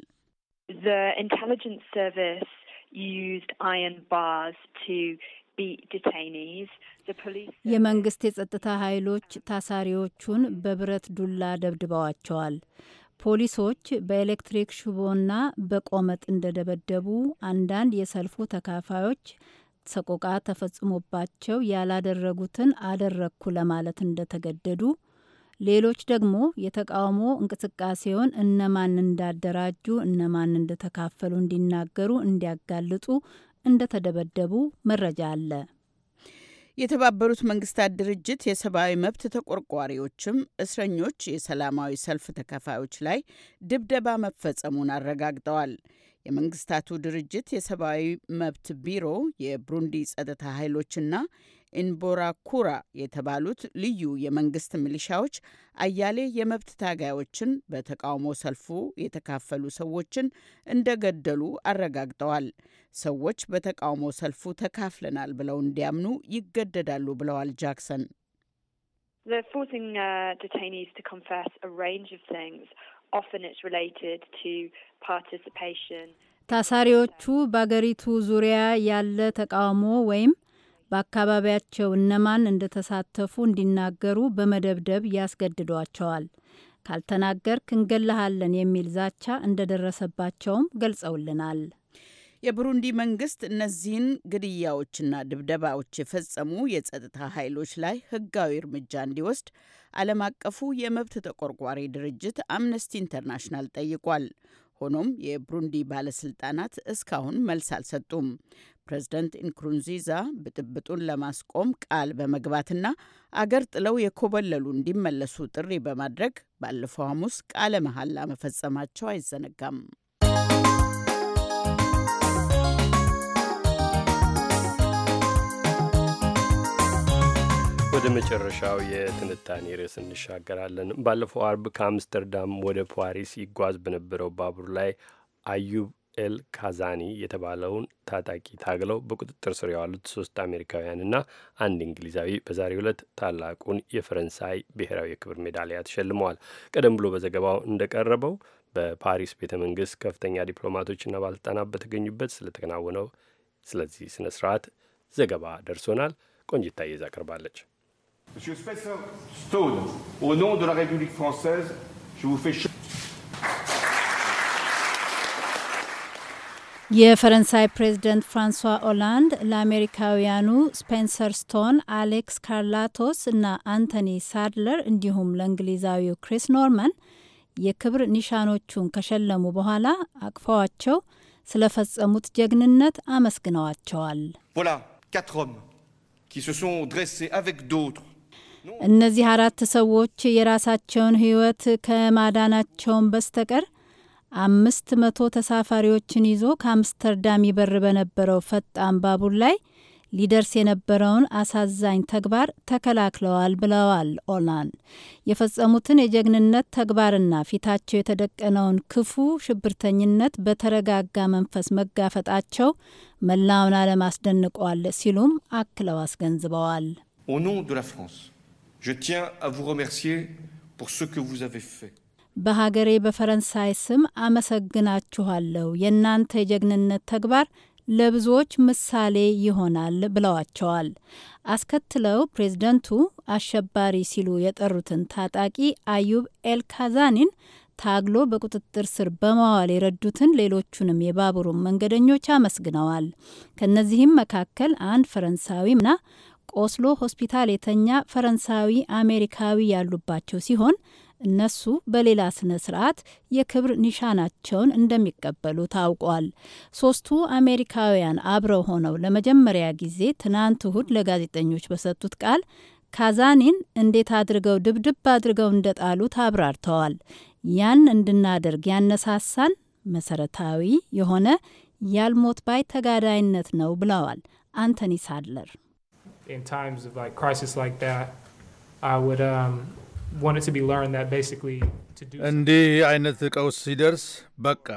የመንግስት የጸጥታ ኃይሎች ታሳሪዎቹን በብረት ዱላ ደብድበዋቸዋል። ፖሊሶች በኤሌክትሪክ ሽቦና በቆመጥ እንደደበደቡ አንዳንድ የሰልፉ ተካፋዮች ሰቆቃ ተፈጽሞባቸው ያላደረጉትን አደረግኩ ለማለት እንደተገደዱ ሌሎች ደግሞ የተቃውሞ እንቅስቃሴውን እነማን እንዳደራጁ እነማን እንደተካፈሉ እንዲናገሩ እንዲያጋልጡ እንደተደበደቡ መረጃ አለ። የተባበሩት መንግስታት ድርጅት የሰብአዊ መብት ተቆርቋሪዎችም እስረኞች የሰላማዊ ሰልፍ ተካፋዮች ላይ ድብደባ መፈጸሙን አረጋግጠዋል። የመንግስታቱ ድርጅት የሰብአዊ መብት ቢሮ የብሩንዲ ጸጥታ ኃይሎችና ኢንቦራኩራ የተባሉት ልዩ የመንግስት ሚሊሻዎች አያሌ የመብት ታጋዮችን በተቃውሞ ሰልፉ የተካፈሉ ሰዎችን እንደገደሉ አረጋግጠዋል። ሰዎች በተቃውሞ ሰልፉ ተካፍለናል ብለው እንዲያምኑ ይገደዳሉ ብለዋል ጃክሰን። ታሳሪዎቹ በአገሪቱ ዙሪያ ያለ ተቃውሞ ወይም በአካባቢያቸው እነማን እንደተሳተፉ እንዲናገሩ በመደብደብ ያስገድዷቸዋል። ካልተናገርክ እንገልሃለን የሚል ዛቻ እንደደረሰባቸውም ገልጸውልናል። የብሩንዲ መንግስት እነዚህን ግድያዎችና ድብደባዎች የፈጸሙ የጸጥታ ኃይሎች ላይ ህጋዊ እርምጃ እንዲወስድ ዓለም አቀፉ የመብት ተቆርቋሪ ድርጅት አምነስቲ ኢንተርናሽናል ጠይቋል። ሆኖም የብሩንዲ ባለስልጣናት እስካሁን መልስ አልሰጡም። ፕሬዝደንት ኢንክሩንዚዛ ብጥብጡን ለማስቆም ቃል በመግባትና አገር ጥለው የኮበለሉ እንዲመለሱ ጥሪ በማድረግ ባለፈው ሐሙስ ቃለ መሐላ መፈጸማቸው አይዘነጋም። ወደ መጨረሻው የትንታኔ ርዕስ እንሻገራለን። ባለፈው አርብ ከአምስተርዳም ወደ ፓሪስ ይጓዝ በነበረው ባቡር ላይ አዩብ ኤል ካዛኒ የተባለውን ታጣቂ ታግለው በቁጥጥር ስር የዋሉት ሶስት አሜሪካውያንና አንድ እንግሊዛዊ በዛሬ ዕለት ታላቁን የፈረንሳይ ብሔራዊ የክብር ሜዳሊያ ተሸልመዋል። ቀደም ብሎ በዘገባው እንደቀረበው በፓሪስ ቤተ መንግስት ከፍተኛ ዲፕሎማቶችና ባለስልጣናት በተገኙበት ስለተከናወነው ስለዚህ ስነ ስርዓት ዘገባ ደርሶናል። ቆንጅታ ይዛ ቀርባለች። Monsieur Spencer Stone, au nom de la République française, je vous fais የፈረንሳይ ፕሬዝደንት ፍራንሷ ኦላንድ ለአሜሪካውያኑ ስፔንሰር ስቶን፣ አሌክስ ካርላቶስ እና አንቶኒ ሳድለር እንዲሁም ለእንግሊዛዊው ክሪስ ኖርማን የክብር ኒሻኖቹን ከሸለሙ በኋላ አቅፈዋቸው ስለፈጸሙት ጀግንነት አመስግነዋቸዋል። Voilà quatre hommes qui se sont dressés avec እነዚህ አራት ሰዎች የራሳቸውን ሕይወት ከማዳናቸውን በስተቀር አምስት መቶ ተሳፋሪዎችን ይዞ ከአምስተርዳም ይበር በነበረው ፈጣን ባቡር ላይ ሊደርስ የነበረውን አሳዛኝ ተግባር ተከላክለዋል ብለዋል። ኦላን። የፈጸሙትን የጀግንነት ተግባርና ፊታቸው የተደቀነውን ክፉ ሽብርተኝነት በተረጋጋ መንፈስ መጋፈጣቸው መላውን ዓለም አስደንቋል ሲሉም አክለው አስገንዝበዋል። ኦ ኖም ደ ላ ፍራንስ Je tiens à vous remercier pour ce que vous avez fait. በሀገሬ በፈረንሳይ ስም አመሰግናችኋለሁ። የእናንተ የጀግንነት ተግባር ለብዙዎች ምሳሌ ይሆናል ብለዋቸዋል። አስከትለው ፕሬዝደንቱ አሸባሪ ሲሉ የጠሩትን ታጣቂ አዩብ ኤልካዛኒን ታግሎ በቁጥጥር ስር በማዋል የረዱትን ሌሎቹንም የባቡሩን መንገደኞች አመስግነዋል። ከእነዚህም መካከል አንድ ፈረንሳዊና ቆስሎ ሆስፒታል የተኛ ፈረንሳዊ አሜሪካዊ ያሉባቸው ሲሆን እነሱ በሌላ ስነ ስርዓት የክብር ኒሻናቸውን እንደሚቀበሉ ታውቋል። ሶስቱ አሜሪካውያን አብረው ሆነው ለመጀመሪያ ጊዜ ትናንት እሁድ ለጋዜጠኞች በሰጡት ቃል ካዛኒን እንዴት አድርገው ድብድብ አድርገው እንደጣሉት አብራርተዋል። ያን እንድናደርግ ያነሳሳን መሰረታዊ የሆነ ያልሞት ባይ ተጋዳይነት ነው ብለዋል አንቶኒ ሳድለር። in times of like crisis like that, I would um, want it to be learned that basically to do. እንዲህ አይነት ቀውስ ሲደርስ በቃ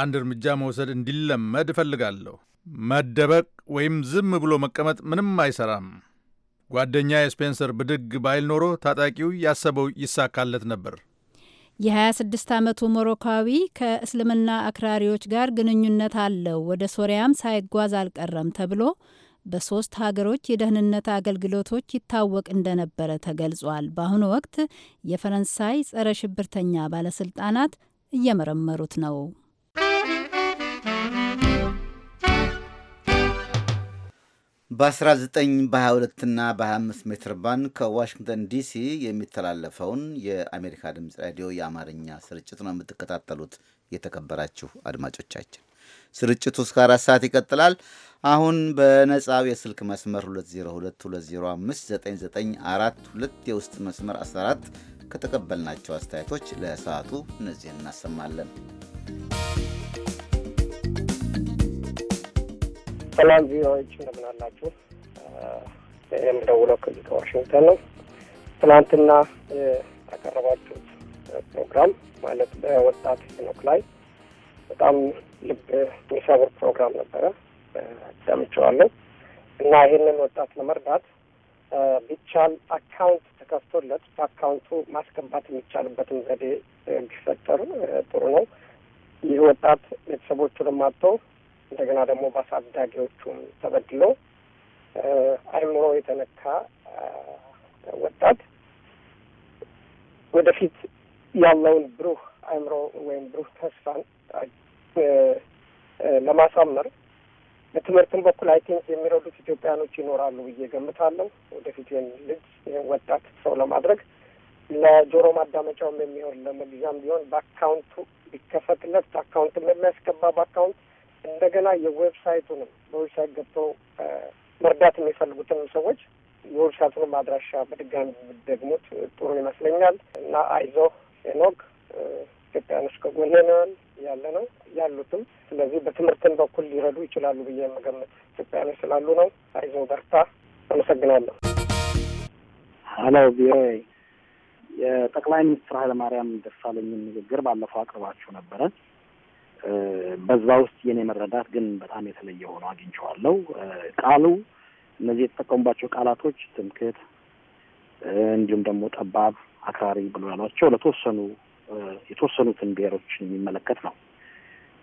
አንድ እርምጃ መውሰድ እንዲለመድ እፈልጋለሁ። መደበቅ ወይም ዝም ብሎ መቀመጥ ምንም አይሰራም። ጓደኛ የስፔንሰር ብድግ ባይል ኖሮ ታጣቂው ያሰበው ይሳካለት ነበር። የ26 ዓመቱ ሞሮካዊ ከእስልምና አክራሪዎች ጋር ግንኙነት አለው፣ ወደ ሶሪያም ሳይጓዝ አልቀረም ተብሎ በሶስት ሀገሮች የደህንነት አገልግሎቶች ይታወቅ እንደነበረ ተገልጿል። በአሁኑ ወቅት የፈረንሳይ ጸረ ሽብርተኛ ባለስልጣናት እየመረመሩት ነው። በ19 በ22 እና በ25 ሜትር ባንድ ከዋሽንግተን ዲሲ የሚተላለፈውን የአሜሪካ ድምፅ ሬዲዮ የአማርኛ ስርጭት ነው የምትከታተሉት። የተከበራችሁ አድማጮቻችን ስርጭቱ እስከ አራት ሰዓት ይቀጥላል። አሁን በነጻው የስልክ መስመር 2022059942 የውስጥ መስመር 14 ከተቀበልናቸው አስተያየቶች ለሰዓቱ እነዚህን እናሰማለን። ሰላም ቪዎች እንደምን አላችሁ? የምደውለው ከዚህ ከዋሽንግተን ነው። ትናንትና ያቀረባችሁት ፕሮግራም ማለት በወጣት ሄኖክ ላይ በጣም ልብ የሚሰብር ፕሮግራም ነበረ ሰምቼዋለሁ። እና ይህንን ወጣት ለመርዳት ቢቻል አካውንት ተከፍቶለት በአካውንቱ ማስገባት የሚቻልበትን ዘዴ ቢፈጠሩ ጥሩ ነው። ይህ ወጣት ቤተሰቦቹንም አጥቶ እንደገና ደግሞ በአሳዳጊዎቹም ተበድሎ አይምሮ የተነካ ወጣት ወደፊት ያለውን ብሩህ አይምሮ ወይም ብሩህ ተስፋን ለማሳመር በትምህርትም በኩል አይ ቲንክ የሚረዱት ኢትዮጵያኖች ይኖራሉ ብዬ ገምታለሁ። ወደፊት ይህን ልጅ ይህን ወጣት ሰው ለማድረግ ለጆሮ ማዳመጫውም የሚሆን ለመግዣም ቢሆን በአካውንቱ ቢከፈትለት አካውንትም የሚያስገባ በአካውንት እንደገና የዌብሳይቱንም በዌብሳይት ገብተው መርዳት የሚፈልጉትንም ሰዎች የዌብሳይቱንም አድራሻ በድጋሚ ደግሞት ጥሩ ይመስለኛል እና አይዞህ ሄኖክ ኢትዮጵያኖች ከጎንህ ነን ያለ ነው ያሉትም። ስለዚህ በትምህርትን በኩል ሊረዱ ይችላሉ ብዬ የምገምት ኢትዮጵያኖች ስላሉ ነው። አይዞ በርታ። አመሰግናለሁ። ሀሎ ቪኦኤ የጠቅላይ ሚኒስትር ኃይለማርያም ደሳለኝ ንግግር ባለፈው አቅርባችሁ ነበረ። በዛ ውስጥ የኔ መረዳት ግን በጣም የተለየ ሆኖ አግኝቸዋለው ቃሉ እነዚህ የተጠቀሙባቸው ቃላቶች ትምክህት፣ እንዲሁም ደግሞ ጠባብ አክራሪ ብሎ ያሏቸው ለተወሰኑ የተወሰኑትን ብሔሮች የሚመለከት ነው።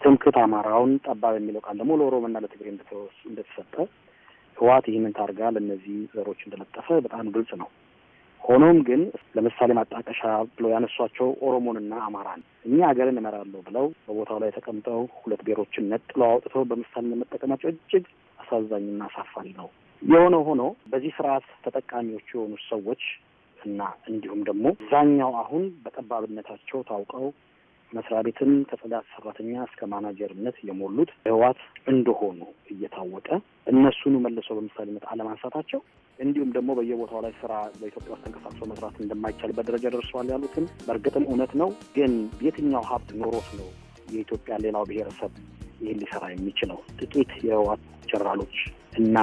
ትምክህት አማራውን ጠባብ የሚለው ቃል ደግሞ ለኦሮሞና ለትግሬ እንደተሰጠ ህወሓት ይህንን ታርጋ ለእነዚህ ዘሮች እንደለጠፈ በጣም ግልጽ ነው። ሆኖም ግን ለምሳሌ ማጣቀሻ ብለው ያነሷቸው ኦሮሞንና አማራን እኛ ሀገርን እመራለሁ ብለው በቦታው ላይ ተቀምጠው ሁለት ብሔሮችን ነጥለው አውጥተው በምሳሌ መጠቀማቸው እጅግ አሳዛኝና አሳፋሪ ነው። የሆነ ሆኖ በዚህ ስርዓት ተጠቃሚዎች የሆኑ ሰዎች እና እንዲሁም ደግሞ ዛኛው አሁን በጠባብነታቸው ታውቀው መስሪያ ቤትን ከጽዳት ሰራተኛ እስከ ማናጀርነት የሞሉት ህዋት እንደሆኑ እየታወቀ እነሱኑ መልሶ በምሳሌነት አለማንሳታቸው እንዲሁም ደግሞ በየቦታው ላይ ስራ በኢትዮጵያ ውስጥ ተንቀሳቅሶ መስራት እንደማይቻልበት ደረጃ ደርሷል ያሉትን በእርግጥም እውነት ነው። ግን የትኛው ሀብት ኖሮት ነው የኢትዮጵያ ሌላው ብሔረሰብ ይህን ሊሰራ የሚችለው? ጥቂት የህዋት ጀነራሎች እና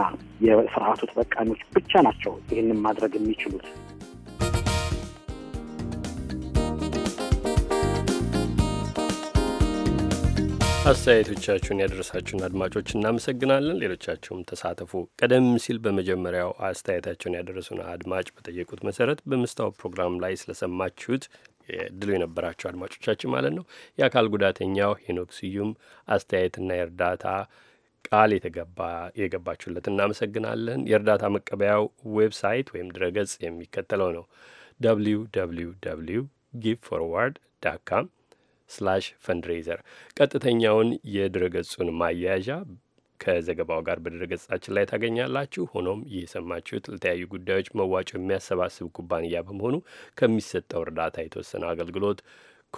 የስርዓቱ ተጠቃሚዎች ብቻ ናቸው ይህንን ማድረግ የሚችሉት። አስተያየቶቻችሁን ያደረሳችሁን አድማጮች እናመሰግናለን። ሌሎቻችሁም ተሳተፉ። ቀደም ሲል በመጀመሪያው አስተያየታቸውን ያደረሱን አድማጭ በጠየቁት መሰረት በመስታወት ፕሮግራም ላይ ስለሰማችሁት እድሉ የነበራቸው አድማጮቻችን ማለት ነው። የአካል ጉዳተኛው ሄኖክ ስዩም አስተያየትና የእርዳታ ቃል የገባችሁለት እናመሰግናለን። የእርዳታ መቀበያው ዌብሳይት ወይም ድረገጽ የሚከተለው ነው። www ጊቭ ፎርዋርድ ዳት ካም ስላሽ ፈንድሬዘር ቀጥተኛውን የድረገጹን ማያያዣ ከዘገባው ጋር በድረገጻችን ላይ ታገኛላችሁ። ሆኖም ይህ የሰማችሁት ለተለያዩ ጉዳዮች መዋጮ የሚያሰባስብ ኩባንያ በመሆኑ ከሚሰጠው እርዳታ የተወሰነ አገልግሎት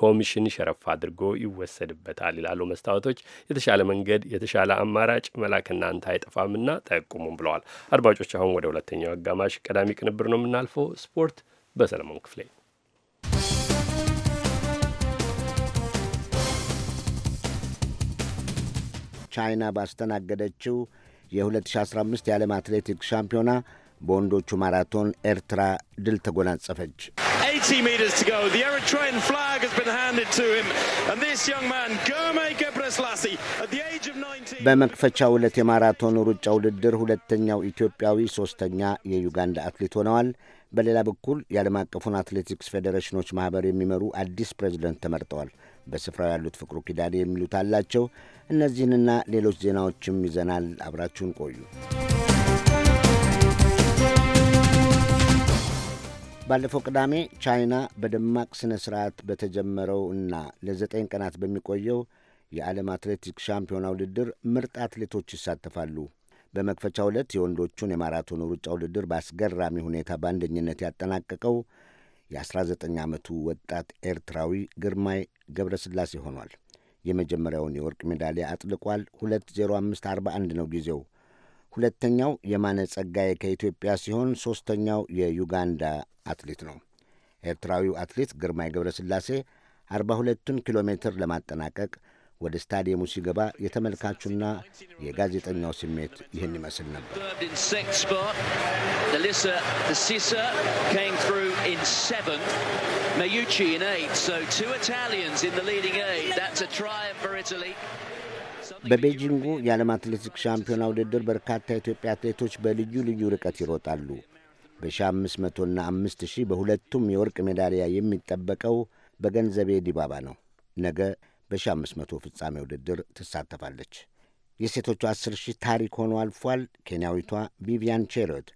ኮሚሽን ሸረፍ አድርጎ ይወሰድበታል ይላሉ መስታወቶች። የተሻለ መንገድ፣ የተሻለ አማራጭ መላክ እናንተ አይጠፋምና ጠቁሙም ብለዋል። አድማጮች፣ አሁን ወደ ሁለተኛው አጋማሽ ቀዳሚ ቅንብር ነው የምናልፈው። ስፖርት በሰለሞን ክፍሌ ቻይና ባስተናገደችው የ2015 የዓለም አትሌቲክስ ሻምፒዮና በወንዶቹ ማራቶን ኤርትራ ድል ተጎናጸፈች። በመክፈቻው ዕለት የማራቶን ሩጫ ውድድር ሁለተኛው ኢትዮጵያዊ ሦስተኛ የዩጋንዳ አትሌት ሆነዋል። በሌላ በኩል የዓለም አቀፉን አትሌቲክስ ፌዴሬሽኖች ማኅበር የሚመሩ አዲስ ፕሬዝደንት ተመርጠዋል። በስፍራው ያሉት ፍቅሩ ኪዳኔ የሚሉት አላቸው። እነዚህንና ሌሎች ዜናዎችም ይዘናል። አብራችሁን ቆዩ። ባለፈው ቅዳሜ ቻይና በደማቅ ሥነ ሥርዓት በተጀመረው እና ለዘጠኝ ቀናት በሚቆየው የዓለም አትሌቲክስ ሻምፒዮና ውድድር ምርጥ አትሌቶች ይሳተፋሉ። በመክፈቻ ዕለት የወንዶቹን የማራቶን ሩጫ ውድድር በአስገራሚ ሁኔታ በአንደኝነት ያጠናቀቀው የ19 ዓመቱ ወጣት ኤርትራዊ ግርማይ ገብረስላሴ ሆኗል። የመጀመሪያውን የወርቅ ሜዳሊያ አጥልቋል። 20541 ነው ጊዜው። ሁለተኛው የማነ ጸጋዬ ከኢትዮጵያ ሲሆን ሦስተኛው የዩጋንዳ አትሌት ነው። ኤርትራዊው አትሌት ግርማይ ገብረስላሴ 42ቱን ኪሎ ሜትር ለማጠናቀቅ ወደ ስታዲየሙ ሲገባ የተመልካቹና የጋዜጠኛው ስሜት ይህን ይመስል ነበር። በቤጂንጉ የዓለም አትሌቲክስ ሻምፒዮና ውድድር በርካታ የኢትዮጵያ አትሌቶች በልዩ ልዩ ርቀት ይሮጣሉ። በ1500 እና 5000 በሁለቱም የወርቅ ሜዳሊያ የሚጠበቀው በገንዘቤ ዲባባ ነው። ነገ በ1500 ፍጻሜ ውድድር ትሳተፋለች። የሴቶቹ 10 ሺህ ታሪክ ሆኖ አልፏል። ኬንያዊቷ ቪቪያን ቼሮት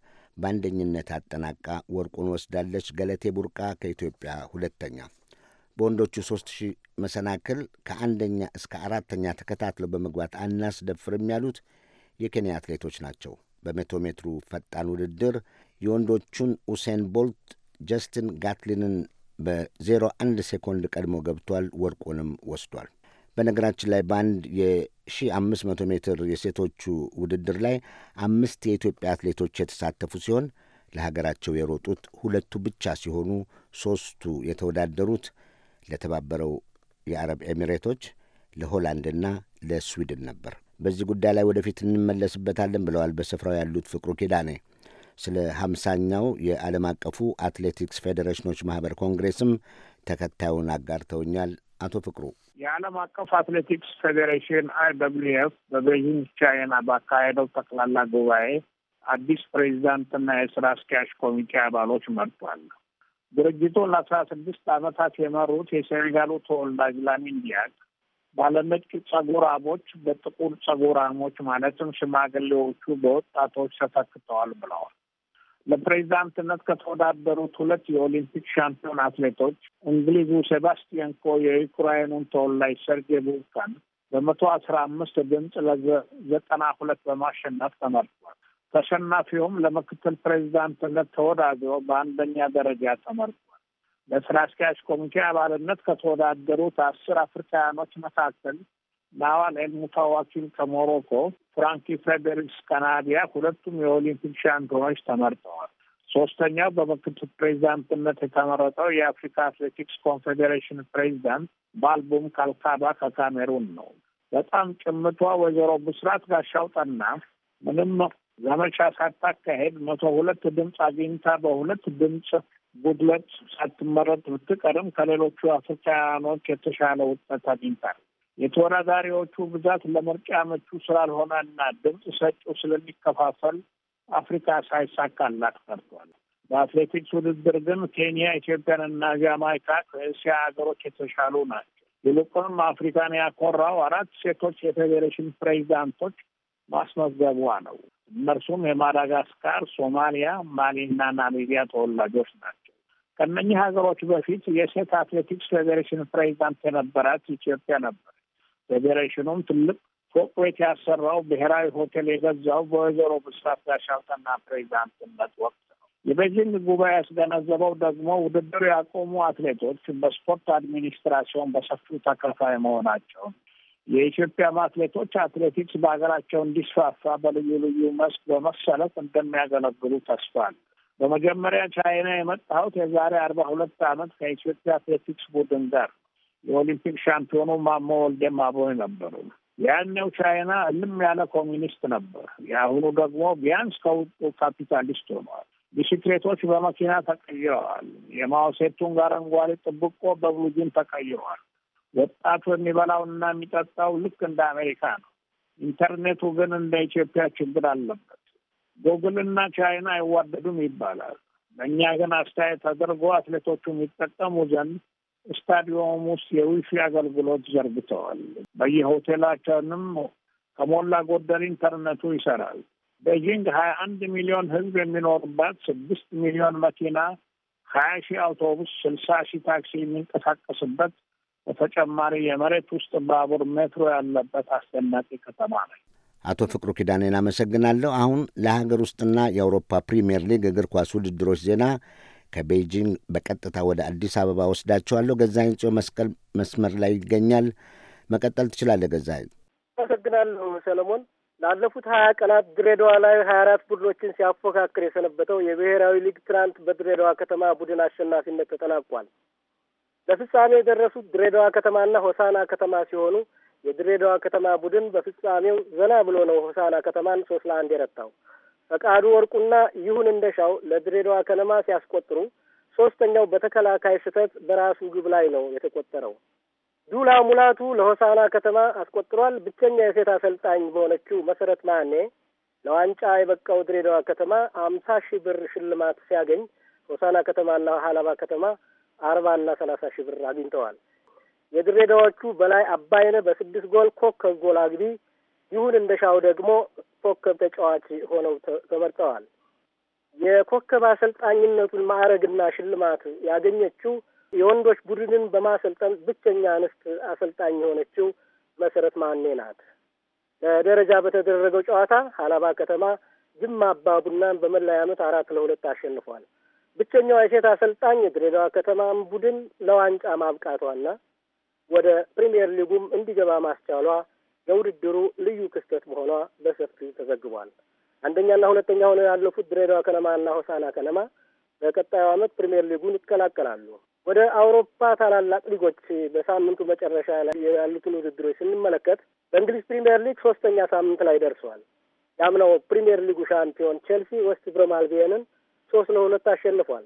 በአንደኝነት አጠናቃ ወርቁን ወስዳለች። ገለቴ ቡርቃ ከኢትዮጵያ ሁለተኛ። በወንዶቹ 3 ሺህ መሰናክል ከአንደኛ እስከ አራተኛ ተከታትለው በመግባት አናስደፍርም ያሉት የኬንያ አትሌቶች ናቸው። በመቶ ሜትሩ ፈጣን ውድድር የወንዶቹን ኡሴን ቦልት ጀስትን ጋትሊንን በ01 ሴኮንድ ቀድሞ ገብቷል። ወርቁንም ወስዷል። በነገራችን ላይ በአንድ የ1500 ሜትር የሴቶቹ ውድድር ላይ አምስት የኢትዮጵያ አትሌቶች የተሳተፉ ሲሆን ለሀገራቸው የሮጡት ሁለቱ ብቻ ሲሆኑ ሦስቱ የተወዳደሩት ለተባበረው የአረብ ኤሚሬቶች፣ ለሆላንድና ለስዊድን ነበር። በዚህ ጉዳይ ላይ ወደፊት እንመለስበታለን ብለዋል በስፍራው ያሉት ፍቅሩ ኪዳኔ። ስለ ሀምሳኛው የዓለም አቀፉ አትሌቲክስ ፌዴሬሽኖች ማህበር ኮንግሬስም ተከታዩን አጋርተውኛል። አቶ ፍቅሩ የዓለም አቀፍ አትሌቲክስ ፌዴሬሽን አይ ደብሊው ኤፍ በቤጂንግ ቻይና ባካሄደው ጠቅላላ ጉባኤ አዲስ ፕሬዚዳንትና የስራ አስኪያጅ ኮሚቴ አባሎች መርጧል። ድርጅቱን ለአስራ ስድስት ዓመታት የመሩት የሴኔጋሉ ተወላጅ ላሚን ዲያክ ባለነጭ ጸጉር አሞች በጥቁር ጸጉር አሞች ማለትም ሽማግሌዎቹ በወጣቶች ተተክተዋል ብለዋል። ለፕሬዚዳንትነት ከተወዳደሩት ሁለት የኦሊምፒክ ሻምፒዮን አትሌቶች እንግሊዙ ሴባስቲያን ኮ የዩክራይኑን ተወላጅ ሰርጌ ቡብካን በመቶ አስራ አምስት ድምፅ ለዘጠና ሁለት በማሸነፍ ተመርጧል። ተሸናፊውም ለምክትል ፕሬዚዳንትነት ተወዳድሮ በአንደኛ ደረጃ ተመርጧል። ለስራ አስኪያጅ ኮሚቴ አባልነት ከተወዳደሩት አስር አፍሪካውያኖች መካከል ናዋል ኤልሙታዋኪል ከሞሮኮ፣ ፍራንኪ ፍሬደሪክስ ከናዲያ ሁለቱም የኦሊምፒክ ሻምፒዮኖች ተመርጠዋል። ሶስተኛው በምክትል ፕሬዚዳንትነት የተመረጠው የአፍሪካ አትሌቲክስ ኮንፌዴሬሽን ፕሬዚዳንት ባልቡም ካልካባ ከካሜሩን ነው። በጣም ጭምቷ ወይዘሮ ብስራት ጋሻው ጠና ምንም ዘመቻ ሳታካሄድ መቶ ሁለት ድምፅ አግኝታ በሁለት ድምፅ ጉድለት ሳትመረጥ ብትቀርም ከሌሎቹ አፍሪካኖች የተሻለ ውጤት አግኝታል። የተወዳዳሪዎቹ ብዛት ለምርጫ ምቹ ስላልሆነና ድምፅ ሰጪው ስለሚከፋፈል አፍሪካ ሳይሳካላት ቀርቷል። በአትሌቲክስ ውድድር ግን ኬንያ፣ ኢትዮጵያን እና ጃማይካ ከእስያ ሀገሮች የተሻሉ ናቸው። ይልቁንም አፍሪካን ያኮራው አራት ሴቶች የፌዴሬሽን ፕሬዚዳንቶች ማስመዝገቧ ነው። እነርሱም የማዳጋስካር፣ ሶማሊያ፣ ማሊና ናሚቢያ ተወላጆች ናቸው። ከእነኚህ ሀገሮች በፊት የሴት አትሌቲክስ ፌዴሬሽን ፕሬዚዳንት የነበራት ኢትዮጵያ ነበር። ፌዴሬሽኑም ትልቅ ፎቅ ቤት ያሰራው ብሔራዊ ሆቴል የገዛው በወይዘሮ ብስራት ጋሻውጠና ፕሬዚዳንትነት ወቅት ነው። የቤጂንግ ጉባኤ ያስገነዘበው ደግሞ ውድድሩ ያቆሙ አትሌቶች በስፖርት አድሚኒስትራሲዮን በሰፊው ተከፋይ መሆናቸውን የኢትዮጵያም አትሌቶች አትሌቲክስ በሀገራቸው እንዲስፋፋ በልዩ ልዩ መስክ በመሰለፍ እንደሚያገለግሉ ተስፋል። በመጀመሪያ ቻይና የመጣሁት የዛሬ አርባ ሁለት ዓመት ከኢትዮጵያ አትሌቲክስ ቡድን ጋር የኦሊምፒክ ሻምፒዮኑ ማሞ ወልዴ አብሮኝ ነበሩ። ያኔው ቻይና እልም ያለ ኮሚኒስት ነበር። የአሁኑ ደግሞ ቢያንስ ከውጡ ካፒታሊስት ሆነዋል። ቢስክሌቶች በመኪና ተቀይረዋል። የማውሴቱንግ አረንጓዴ ጥብቆ በብሉጅን ተቀይሯል። ወጣቱ የሚበላውና የሚጠጣው ልክ እንደ አሜሪካ ነው። ኢንተርኔቱ ግን እንደ ኢትዮጵያ ችግር አለበት። ጉግልና ቻይና አይዋደዱም ይባላል። በእኛ ግን አስተያየት ተደርጎ አትሌቶቹ የሚጠቀሙ ዘንድ ስታዲዮም ውስጥ የዊፊ አገልግሎት ዘርግተዋል። በየሆቴላቸውንም ከሞላ ጎደል ኢንተርኔቱ ይሰራል። ቤጂንግ ሀያ አንድ ሚሊዮን ህዝብ የሚኖርባት ስድስት ሚሊዮን መኪና፣ ሀያ ሺህ አውቶቡስ፣ ስልሳ ሺህ ታክሲ የሚንቀሳቀስበት በተጨማሪ የመሬት ውስጥ ባቡር፣ ሜትሮ ያለበት አስደናቂ ከተማ ነች። አቶ ፍቅሩ ኪዳኔን አመሰግናለሁ። አሁን ለሀገር ውስጥና የአውሮፓ ፕሪምየር ሊግ እግር ኳስ ውድድሮች ዜና ከቤይጂንግ በቀጥታ ወደ አዲስ አበባ ወስዳቸዋለሁ። ገዛኝ ጽዮን መስቀል መስመር ላይ ይገኛል። መቀጠል ትችላለህ ገዛኝ። አመሰግናለሁ ሰለሞን። ላለፉት ሀያ ቀናት ድሬዳዋ ላይ ሀያ አራት ቡድኖችን ሲያፎካክር የሰነበተው የብሔራዊ ሊግ ትናንት በድሬዳዋ ከተማ ቡድን አሸናፊነት ተጠናቋል። ለፍጻሜ የደረሱት ድሬዳዋ ከተማና ሆሳና ከተማ ሲሆኑ የድሬዳዋ ከተማ ቡድን በፍጻሜው ዘና ብሎ ነው ሆሳና ከተማን ሶስት ለአንድ የረታው። ፈቃዱ ወርቁና ይሁን እንደሻው ለድሬዳዋ ከነማ ሲያስቆጥሩ ሶስተኛው በተከላካይ ስህተት በራሱ ግብ ላይ ነው የተቆጠረው። ዱላ ሙላቱ ለሆሳና ከተማ አስቆጥሯል። ብቸኛ የሴት አሰልጣኝ በሆነችው መሰረት ማኔ ለዋንጫ የበቃው ድሬዳዋ ከተማ አምሳ ሺህ ብር ሽልማት ሲያገኝ ሆሳና ከተማና ሀላባ ከተማ አርባና ሰላሳ ሺህ ብር አግኝተዋል። የድሬዳዎቹ በላይ አባይነ በስድስት ጎል ኮከብ ጎል አግቢ፣ ይሁን እንደሻው ደግሞ ኮከብ ተጫዋች ሆነው ተመርጠዋል። የኮከብ አሰልጣኝነቱን ማዕረግና ሽልማት ያገኘችው የወንዶች ቡድንን በማሰልጠን ብቸኛ እንስት አሰልጣኝ የሆነችው መሰረት ማኔ ናት። በደረጃ በተደረገው ጨዋታ ሀላባ ከተማ ጅማ አባ ቡናን በመለያ ምት አራት ለሁለት አሸንፏል። ብቸኛዋ የሴት አሰልጣኝ የድሬዳዋ ከተማን ቡድን ለዋንጫ ማብቃቷና ወደ ፕሪምየር ሊጉም እንዲገባ ማስቻሏ የውድድሩ ልዩ ክስተት መሆኗ በሰፊው ተዘግቧል። አንደኛና ሁለተኛ ሆነው ያለፉት ድሬዳዋ ከነማና ሆሳና ከነማ በቀጣዩ ዓመት ፕሪምየር ሊጉን ይቀላቀላሉ። ወደ አውሮፓ ታላላቅ ሊጎች በሳምንቱ መጨረሻ ላይ ያሉትን ውድድሮች ስንመለከት በእንግሊዝ ፕሪምየር ሊግ ሶስተኛ ሳምንት ላይ ደርሷል። ያምነው ፕሪምየር ሊጉ ሻምፒዮን ቼልሲ ወስት ብሮም አልቢየንን ሶስት ለሁለት አሸንፏል።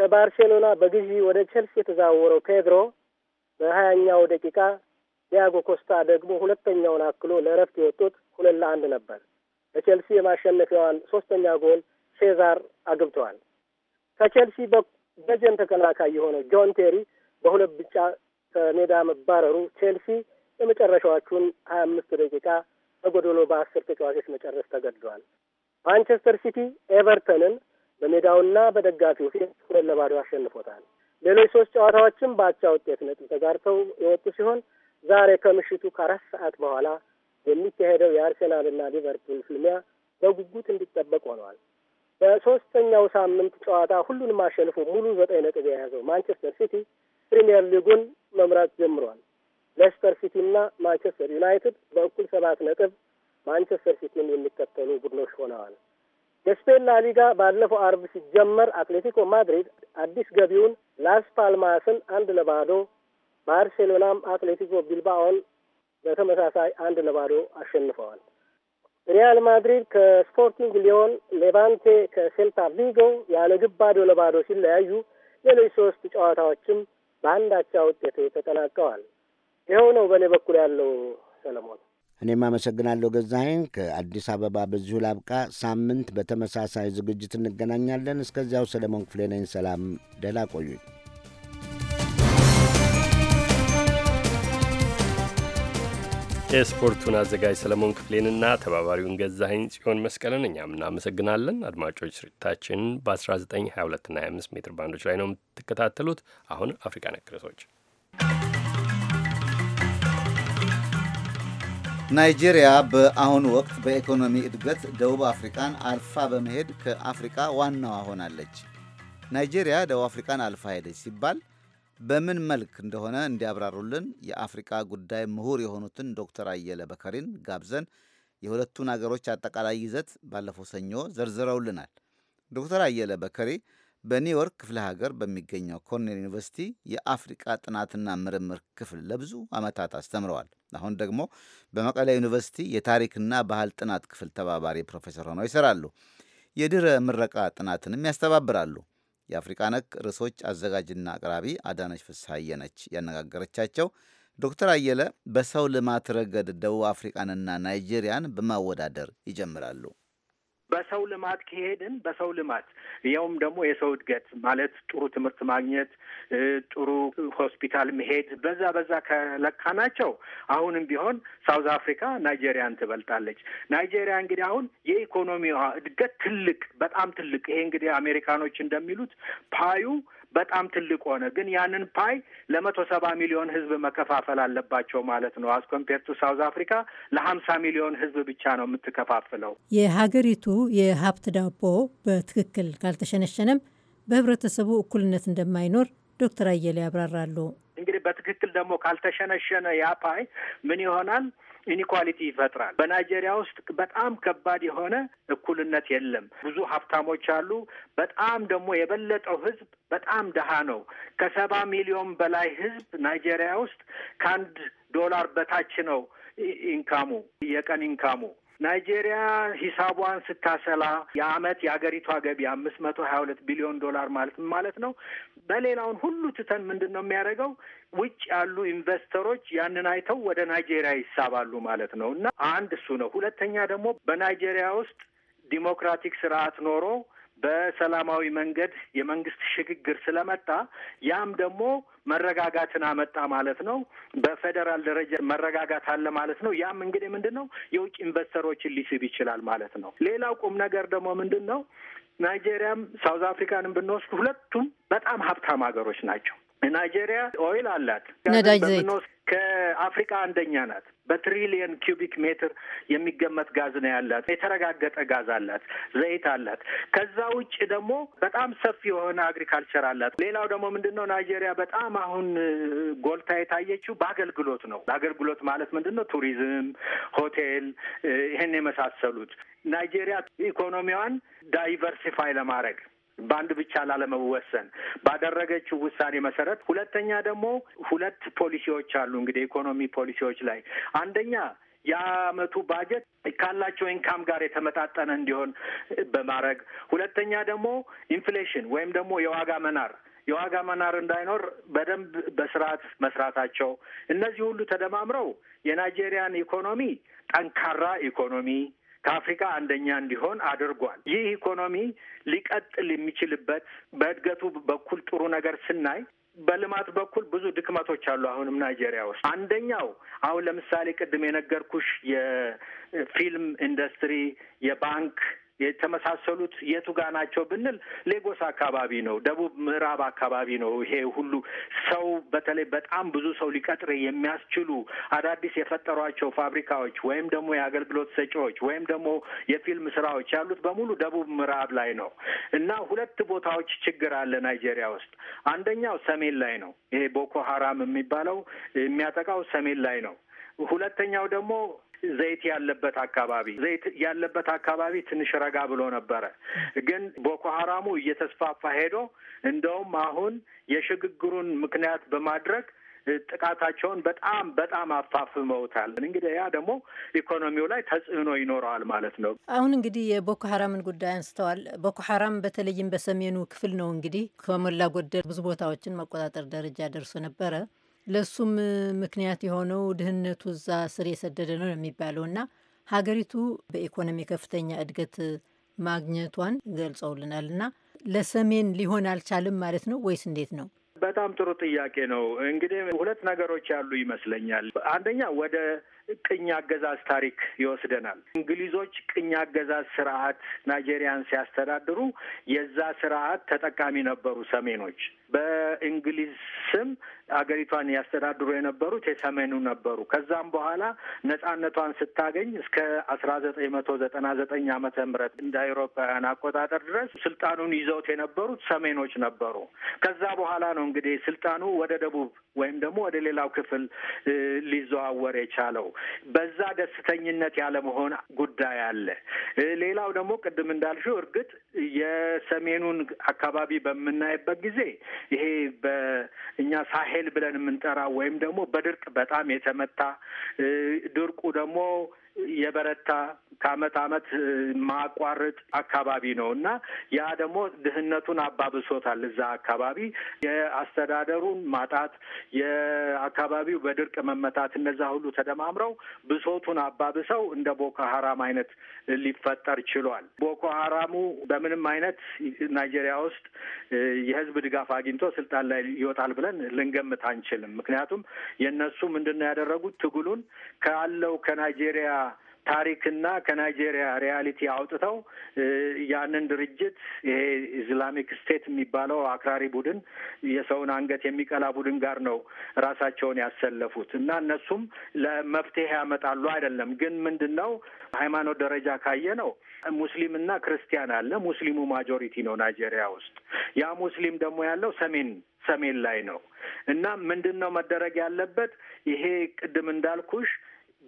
ከባርሴሎና በግዢ ወደ ቼልሲ የተዛወረው ፔድሮ በሀያኛው ደቂቃ ዲያጎ ኮስታ ደግሞ ሁለተኛውን አክሎ ለእረፍት የወጡት ሁለት ለአንድ ነበር። በቼልሲ የማሸነፊያዋን ሶስተኛ ጎል ሴዛር አግብተዋል። ከቼልሲ በጀን ተከላካይ የሆነ ጆን ቴሪ በሁለት ቢጫ ከሜዳ መባረሩ ቼልሲ የመጨረሻዎቹን ሀያ አምስት ደቂቃ በጎዶሎ በአስር ተጫዋቾች መጨረስ ተገድዷል። ማንቸስተር ሲቲ ኤቨርተንን በሜዳውና በደጋፊው ፊት ሁለት ለባዶ አሸንፎታል። ሌሎች ሶስት ጨዋታዎችም በአቻ ውጤት ነጥብ ተጋርተው የወጡ ሲሆን ዛሬ ከምሽቱ ከአራት ሰዓት በኋላ የሚካሄደው የአርሴናልና ሊቨርፑል ፍልሚያ በጉጉት እንዲጠበቅ ሆነዋል። በሶስተኛው ሳምንት ጨዋታ ሁሉንም አሸንፎ ሙሉ ዘጠኝ ነጥብ የያዘው ማንቸስተር ሲቲ ፕሪምየር ሊጉን መምራት ጀምሯል። ሌስተር ሲቲና ማንቸስተር ዩናይትድ በእኩል ሰባት ነጥብ ማንቸስተር ሲቲን የሚከተሉ ቡድኖች ሆነዋል። የስፔን ላ ሊጋ ባለፈው አርብ ሲጀመር አትሌቲኮ ማድሪድ አዲስ ገቢውን ላስ ፓልማስን አንድ ለባዶ ባርሴሎናም አትሌቲኮ ቢልባኦን በተመሳሳይ አንድ ለባዶ አሸንፈዋል። ሪያል ማድሪድ ከስፖርቲንግ ሊዮን፣ ሌቫንቴ ከሴልታ ቪጎ ያለ ግብ ባዶ ለባዶ ሲለያዩ ሌሎች ሶስት ጨዋታዎችም በአንድ አቻ ውጤት ተጠናቀዋል። ይኸው ነው በእኔ በኩል ያለው ሰለሞን። እኔም አመሰግናለሁ ገዛኸኝ። ከአዲስ አበባ በዚሁ ላብቃ። ሳምንት በተመሳሳይ ዝግጅት እንገናኛለን። እስከዚያው ሰለሞን ክፍሌ ነኝ። ሰላም፣ ደህና ቆዩኝ። የስፖርቱን አዘጋጅ ሰለሞን ክፍሌንና ተባባሪውን ገዛኸኝ ጽዮን መስቀልን እኛም እናመሰግናለን። አድማጮች ስርጭታችን በ 1922 25 ሜትር ባንዶች ላይ ነው የምትከታተሉት። አሁን አፍሪካ ነክ ርዕሶች ናይጄሪያ በአሁኑ ወቅት በኢኮኖሚ እድገት ደቡብ አፍሪካን አልፋ በመሄድ ከአፍሪካ ዋናዋ ሆናለች። ናይጄሪያ ደቡብ አፍሪካን አልፋ ሄደች ሲባል በምን መልክ እንደሆነ እንዲያብራሩልን የአፍሪቃ ጉዳይ ምሁር የሆኑትን ዶክተር አየለ በከሪን ጋብዘን የሁለቱን አገሮች አጠቃላይ ይዘት ባለፈው ሰኞ ዘርዝረውልናል። ዶክተር አየለ በከሪ በኒውዮርክ ክፍለ ሀገር በሚገኘው ኮርኔል ዩኒቨርሲቲ የአፍሪቃ ጥናትና ምርምር ክፍል ለብዙ ዓመታት አስተምረዋል። አሁን ደግሞ በመቀለ ዩኒቨርሲቲ የታሪክና ባህል ጥናት ክፍል ተባባሪ ፕሮፌሰር ሆነው ይሰራሉ። የድህረ ምረቃ ጥናትንም ያስተባብራሉ። የአፍሪቃ ነክ ርዕሶች አዘጋጅና አቅራቢ አዳነች ፍስሐዬ ነች ያነጋገረቻቸው። ዶክተር አየለ በሰው ልማት ረገድ ደቡብ አፍሪቃንና ናይጄሪያን በማወዳደር ይጀምራሉ። በሰው ልማት ከሄድን በሰው ልማት ያውም ደግሞ የሰው እድገት ማለት ጥሩ ትምህርት ማግኘት፣ ጥሩ ሆስፒታል መሄድ በዛ በዛ ከለካ ናቸው። አሁንም ቢሆን ሳውዝ አፍሪካ ናይጄሪያን ትበልጣለች። ናይጄሪያ እንግዲህ አሁን የኢኮኖሚዋ እድገት ትልቅ በጣም ትልቅ ይሄ እንግዲህ አሜሪካኖች እንደሚሉት ፓዩ በጣም ትልቅ ሆነ። ግን ያንን ፓይ ለመቶ ሰባ ሚሊዮን ህዝብ መከፋፈል አለባቸው ማለት ነው። አስ ቱ ሳውዝ አፍሪካ ለሀምሳ ሚሊዮን ህዝብ ብቻ ነው የምትከፋፍለው። የሀገሪቱ የሀብት ዳቦ በትክክል ካልተሸነሸነም በህብረተሰቡ እኩልነት እንደማይኖር ዶክተር አየለ ያብራራሉ። እንግዲህ በትክክል ደግሞ ካልተሸነሸነ ያ ፓይ ምን ይሆናል? ኢኒኳሊቲ ይፈጥራል። በናይጄሪያ ውስጥ በጣም ከባድ የሆነ እኩልነት የለም። ብዙ ሀብታሞች አሉ። በጣም ደግሞ የበለጠው ህዝብ በጣም ደሃ ነው። ከሰባ ሚሊዮን በላይ ህዝብ ናይጄሪያ ውስጥ ከአንድ ዶላር በታች ነው ኢንካሙ የቀን ኢንካሙ ናይጄሪያ ሂሳቧን ስታሰላ የአመት የአገሪቷ ገቢ አምስት መቶ ሀያ ሁለት ቢሊዮን ዶላር ማለት ማለት ነው። በሌላውን ሁሉ ትተን ምንድን ነው የሚያደርገው? ውጭ ያሉ ኢንቨስተሮች ያንን አይተው ወደ ናይጄሪያ ይሳባሉ ማለት ነው። እና አንድ እሱ ነው። ሁለተኛ ደግሞ በናይጄሪያ ውስጥ ዲሞክራቲክ ስርዓት ኖሮ በሰላማዊ መንገድ የመንግስት ሽግግር ስለመጣ ያም ደግሞ መረጋጋትን አመጣ ማለት ነው። በፌዴራል ደረጃ መረጋጋት አለ ማለት ነው። ያም እንግዲህ ምንድን ነው የውጭ ኢንቨስተሮችን ሊስብ ይችላል ማለት ነው። ሌላው ቁም ነገር ደግሞ ምንድን ነው ናይጄሪያም ሳውዝ አፍሪካንም ብንወስድ ሁለቱም በጣም ሀብታም ሀገሮች ናቸው። ናይጄሪያ ኦይል አላት። ነዳጅ ዘይት ከአፍሪካ አንደኛ ናት። በትሪሊየን ኪዩቢክ ሜትር የሚገመት ጋዝ ነው ያላት። የተረጋገጠ ጋዝ አላት፣ ዘይት አላት። ከዛ ውጭ ደግሞ በጣም ሰፊ የሆነ አግሪካልቸር አላት። ሌላው ደግሞ ምንድን ነው ናይጄሪያ በጣም አሁን ጎልታ የታየችው በአገልግሎት ነው። በአገልግሎት ማለት ምንድን ነው? ቱሪዝም፣ ሆቴል፣ ይህን የመሳሰሉት ናይጄሪያ ኢኮኖሚዋን ዳይቨርሲፋይ ለማድረግ በአንድ ብቻ ላለመወሰን ባደረገችው ውሳኔ መሰረት፣ ሁለተኛ ደግሞ ሁለት ፖሊሲዎች አሉ እንግዲህ ኢኮኖሚ ፖሊሲዎች ላይ አንደኛ የአመቱ ባጀት ካላቸው ኢንካም ጋር የተመጣጠነ እንዲሆን በማድረግ ሁለተኛ ደግሞ ኢንፍሌሽን ወይም ደግሞ የዋጋ መናር የዋጋ መናር እንዳይኖር በደንብ በስርዓት መስራታቸው እነዚህ ሁሉ ተደማምረው የናይጄሪያን ኢኮኖሚ ጠንካራ ኢኮኖሚ ከአፍሪካ አንደኛ እንዲሆን አድርጓል። ይህ ኢኮኖሚ ሊቀጥል የሚችልበት በእድገቱ በኩል ጥሩ ነገር ስናይ በልማት በኩል ብዙ ድክመቶች አሉ። አሁንም ናይጄሪያ ውስጥ አንደኛው አሁን ለምሳሌ ቅድም የነገርኩሽ የፊልም ኢንዱስትሪ፣ የባንክ የተመሳሰሉት የቱ ጋ ናቸው ብንል ሌጎስ አካባቢ ነው፣ ደቡብ ምዕራብ አካባቢ ነው። ይሄ ሁሉ ሰው በተለይ በጣም ብዙ ሰው ሊቀጥር የሚያስችሉ አዳዲስ የፈጠሯቸው ፋብሪካዎች ወይም ደግሞ የአገልግሎት ሰጪዎች ወይም ደግሞ የፊልም ስራዎች ያሉት በሙሉ ደቡብ ምዕራብ ላይ ነው እና ሁለት ቦታዎች ችግር አለ ናይጄሪያ ውስጥ። አንደኛው ሰሜን ላይ ነው። ይሄ ቦኮ ሀራም የሚባለው የሚያጠቃው ሰሜን ላይ ነው። ሁለተኛው ደግሞ ዘይት ያለበት አካባቢ ዘይት ያለበት አካባቢ ትንሽ ረጋ ብሎ ነበረ። ግን ቦኮ ሀራሙ እየተስፋፋ ሄዶ እንደውም አሁን የሽግግሩን ምክንያት በማድረግ ጥቃታቸውን በጣም በጣም አፋፍመውታል። እንግዲህ ያ ደግሞ ኢኮኖሚው ላይ ተጽዕኖ ይኖረዋል ማለት ነው። አሁን እንግዲህ የቦኮ ሀራምን ጉዳይ አንስተዋል። ቦኮ ሀራም በተለይም በሰሜኑ ክፍል ነው እንግዲህ ከሞላ ጎደል ብዙ ቦታዎችን መቆጣጠር ደረጃ ደርሶ ነበረ። ለእሱም ምክንያት የሆነው ድህነቱ እዛ ስር የሰደደ ነው የሚባለው እና ሀገሪቱ በኢኮኖሚ ከፍተኛ እድገት ማግኘቷን ገልጸውልናል እና ለሰሜን ሊሆን አልቻልም ማለት ነው ወይስ እንዴት ነው? በጣም ጥሩ ጥያቄ ነው። እንግዲህ ሁለት ነገሮች ያሉ ይመስለኛል። አንደኛ ወደ ቅኝ አገዛዝ ታሪክ ይወስደናል። እንግሊዞች ቅኝ አገዛዝ ስርዓት ናይጄሪያን ሲያስተዳድሩ የዛ ስርዓት ተጠቃሚ ነበሩ ሰሜኖች በእንግሊዝ ስም አገሪቷን ያስተዳድሩ የነበሩት የሰሜኑ ነበሩ። ከዛም በኋላ ነጻነቷን ስታገኝ እስከ አስራ ዘጠኝ መቶ ዘጠና ዘጠኝ ዓመተ ምህረት እንደ አውሮፓውያን አቆጣጠር ድረስ ስልጣኑን ይዘውት የነበሩት ሰሜኖች ነበሩ። ከዛ በኋላ ነው እንግዲህ ስልጣኑ ወደ ደቡብ ወይም ደግሞ ወደ ሌላው ክፍል ሊዘዋወር የቻለው። በዛ ደስተኝነት ያለመሆን ጉዳይ አለ። ሌላው ደግሞ ቅድም እንዳልሽው እርግጥ የሰሜኑን አካባቢ በምናይበት ጊዜ ይሄ በእኛ ሳሄል ብለን የምንጠራው ወይም ደግሞ በድርቅ በጣም የተመታ ድርቁ ደግሞ የበረታ ከአመት አመት ማቋረጥ አካባቢ ነው እና ያ ደግሞ ድህነቱን አባብሶታል። እዛ አካባቢ የአስተዳደሩን ማጣት፣ የአካባቢው በድርቅ መመታት፣ እነዛ ሁሉ ተደማምረው ብሶቱን አባብሰው እንደ ቦኮ ሀራም አይነት ሊፈጠር ችሏል። ቦኮ ሀራሙ በምንም አይነት ናይጄሪያ ውስጥ የህዝብ ድጋፍ አግኝቶ ስልጣን ላይ ይወጣል ብለን ልንገምት አንችልም። ምክንያቱም የእነሱ ምንድን ነው ያደረጉት ትግሉን ካለው ከናይጄሪያ ታሪክና ከናይጄሪያ ሪያሊቲ አውጥተው ያንን ድርጅት ይሄ ኢስላሚክ ስቴት የሚባለው አክራሪ ቡድን የሰውን አንገት የሚቀላ ቡድን ጋር ነው ራሳቸውን ያሰለፉት እና እነሱም ለመፍትሄ ያመጣሉ አይደለም። ግን ምንድን ነው ሃይማኖት ደረጃ ካየ ነው ሙስሊምና ክርስቲያን አለ። ሙስሊሙ ማጆሪቲ ነው ናይጄሪያ ውስጥ። ያ ሙስሊም ደግሞ ያለው ሰሜን ሰሜን ላይ ነው እና ምንድን ነው መደረግ ያለበት ይሄ ቅድም እንዳልኩሽ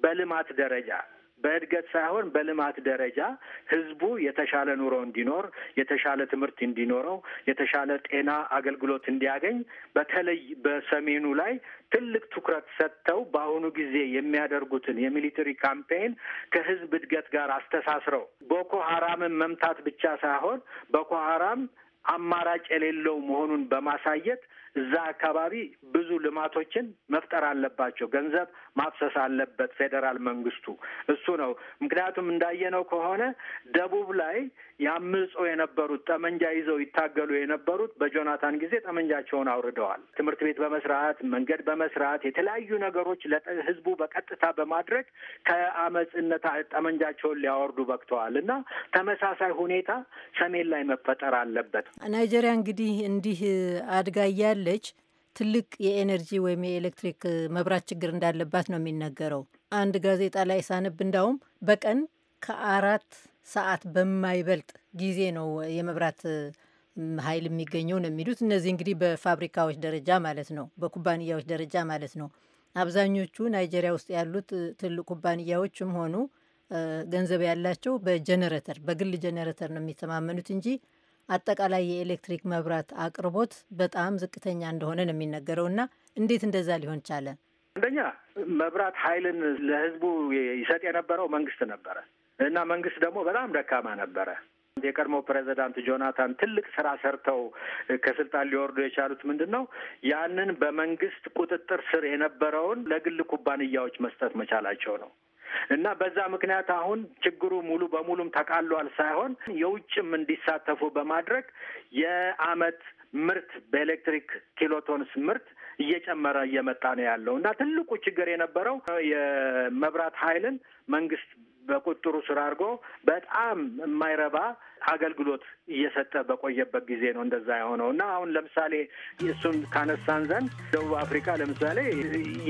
በልማት ደረጃ በእድገት ሳይሆን በልማት ደረጃ ህዝቡ የተሻለ ኑሮ እንዲኖር፣ የተሻለ ትምህርት እንዲኖረው፣ የተሻለ ጤና አገልግሎት እንዲያገኝ በተለይ በሰሜኑ ላይ ትልቅ ትኩረት ሰጥተው በአሁኑ ጊዜ የሚያደርጉትን የሚሊተሪ ካምፔን ከህዝብ እድገት ጋር አስተሳስረው ቦኮ ሀራምን መምታት ብቻ ሳይሆን ቦኮ ሀራም አማራጭ የሌለው መሆኑን በማሳየት እዛ አካባቢ ብዙ ልማቶችን መፍጠር አለባቸው። ገንዘብ ማፍሰስ አለበት ፌዴራል መንግስቱ። እሱ ነው። ምክንያቱም እንዳየነው ከሆነ ደቡብ ላይ ያምፁ የነበሩት ጠመንጃ ይዘው ይታገሉ የነበሩት በጆናታን ጊዜ ጠመንጃቸውን አውርደዋል። ትምህርት ቤት በመስራት መንገድ በመስራት የተለያዩ ነገሮች ለህዝቡ በቀጥታ በማድረግ ከአመፅነት ጠመንጃቸውን ሊያወርዱ በቅተዋል እና ተመሳሳይ ሁኔታ ሰሜን ላይ መፈጠር አለበት። ናይጄሪያ እንግዲህ እንዲህ አድጋ እያለች ትልቅ የኤነርጂ ወይም የኤሌክትሪክ መብራት ችግር እንዳለባት ነው የሚነገረው። አንድ ጋዜጣ ላይ ሳነብ እንዳውም በቀን ከአራት ሰዓት በማይበልጥ ጊዜ ነው የመብራት ኃይል የሚገኘው ነው የሚሉት። እነዚህ እንግዲህ በፋብሪካዎች ደረጃ ማለት ነው፣ በኩባንያዎች ደረጃ ማለት ነው። አብዛኞቹ ናይጄሪያ ውስጥ ያሉት ትልቅ ኩባንያዎችም ሆኑ ገንዘብ ያላቸው በጀነሬተር በግል ጀነሬተር ነው የሚተማመኑት እንጂ አጠቃላይ የኤሌክትሪክ መብራት አቅርቦት በጣም ዝቅተኛ እንደሆነ ነው የሚነገረው። እና እንዴት እንደዛ ሊሆን ቻለ? አንደኛ መብራት ኃይልን ለህዝቡ ይሰጥ የነበረው መንግስት ነበረ። እና መንግስት ደግሞ በጣም ደካማ ነበረ። የቀድሞ ፕሬዚዳንት ጆናታን ትልቅ ስራ ሰርተው ከስልጣን ሊወርዱ የቻሉት ምንድን ነው? ያንን በመንግስት ቁጥጥር ስር የነበረውን ለግል ኩባንያዎች መስጠት መቻላቸው ነው። እና በዛ ምክንያት አሁን ችግሩ ሙሉ በሙሉም ተቃሏል ሳይሆን የውጭም እንዲሳተፉ በማድረግ የአመት ምርት በኤሌክትሪክ ኪሎቶንስ ምርት እየጨመረ እየመጣ ነው ያለው እና ትልቁ ችግር የነበረው የመብራት ኃይልን መንግስት በቁጥሩ ስራ አድርጎ በጣም የማይረባ አገልግሎት እየሰጠ በቆየበት ጊዜ ነው እንደዛ የሆነው እና አሁን ለምሳሌ እሱን ካነሳን ዘንድ ደቡብ አፍሪካ ለምሳሌ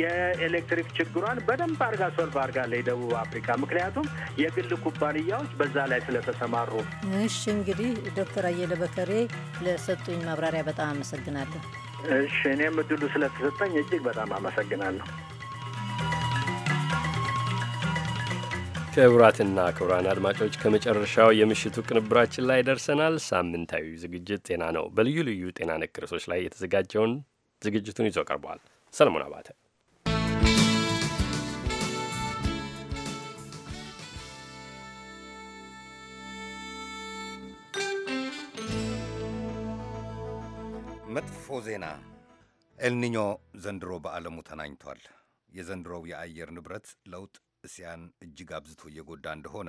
የኤሌክትሪክ ችግሯን በደንብ አርጋ ሶልቭ አርጋለ ደቡብ አፍሪካ፣ ምክንያቱም የግል ኩባንያዎች በዛ ላይ ስለተሰማሩ። እሺ እንግዲህ ዶክተር አየለ በከሬ ለሰጡኝ ማብራሪያ በጣም አመሰግናለሁ። እሺ እኔም እድሉ ስለተሰጠኝ እጅግ በጣም አመሰግናለሁ። ክቡራትና ክቡራን አድማጮች ከመጨረሻው የምሽቱ ቅንብራችን ላይ ደርሰናል። ሳምንታዊ ዝግጅት ጤና ነው በልዩ ልዩ ጤና ነክ ርዕሶች ላይ የተዘጋጀውን ዝግጅቱን ይዞ ቀርቧል። ሰለሞን አባተ መጥፎ ዜና ኤልኒኞ ዘንድሮ በዓለሙ ተናኝቷል። የዘንድሮው የአየር ንብረት ለውጥ እስያን እጅግ አብዝቶ እየጎዳ እንደሆነ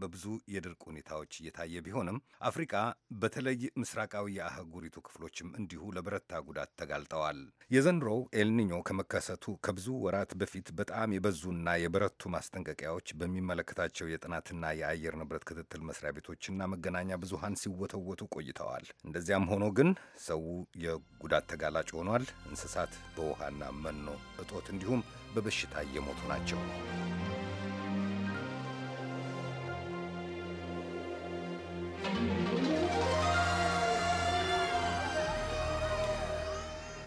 በብዙ የድርቅ ሁኔታዎች እየታየ ቢሆንም አፍሪቃ በተለይ ምስራቃዊ የአህጉሪቱ ክፍሎችም እንዲሁ ለበረታ ጉዳት ተጋልጠዋል። የዘንድሮው ኤልኒኞ ከመከሰቱ ከብዙ ወራት በፊት በጣም የበዙና የበረቱ ማስጠንቀቂያዎች በሚመለከታቸው የጥናትና የአየር ንብረት ክትትል መስሪያ ቤቶችና መገናኛ ብዙሃን ሲወተወቱ ቆይተዋል። እንደዚያም ሆኖ ግን ሰው የጉዳት ተጋላጭ ሆኗል። እንስሳት በውሃና መኖ እጦት እንዲሁም በበሽታ እየሞቱ ናቸው።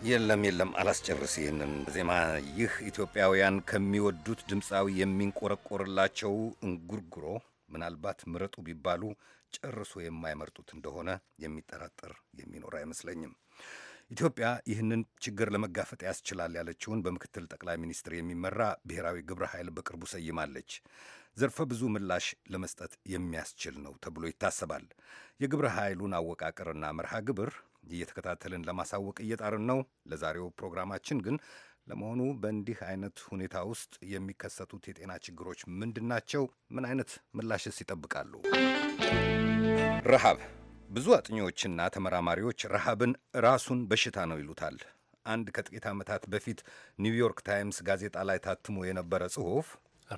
የለም የለም፣ አላስጨርስ ይህንን ዜማ። ይህ ኢትዮጵያውያን ከሚወዱት ድምፃዊ የሚንቆረቆርላቸው እንጉርጉሮ ምናልባት ምረጡ ቢባሉ ጨርሶ የማይመርጡት እንደሆነ የሚጠራጠር የሚኖር አይመስለኝም። ኢትዮጵያ ይህንን ችግር ለመጋፈጥ ያስችላል ያለችውን በምክትል ጠቅላይ ሚኒስትር የሚመራ ብሔራዊ ግብረ ኃይል በቅርቡ ሰይማለች። ዘርፈ ብዙ ምላሽ ለመስጠት የሚያስችል ነው ተብሎ ይታሰባል። የግብረ ኃይሉን አወቃቀርና መርሃ ግብር እየተከታተልን ለማሳወቅ እየጣርን ነው። ለዛሬው ፕሮግራማችን ግን ለመሆኑ በእንዲህ አይነት ሁኔታ ውስጥ የሚከሰቱት የጤና ችግሮች ምንድን ናቸው? ምን አይነት ምላሽስ ይጠብቃሉ? ረሃብ። ብዙ አጥኚዎችና ተመራማሪዎች ረሃብን ራሱን በሽታ ነው ይሉታል። አንድ ከጥቂት ዓመታት በፊት ኒውዮርክ ታይምስ ጋዜጣ ላይ ታትሞ የነበረ ጽሑፍ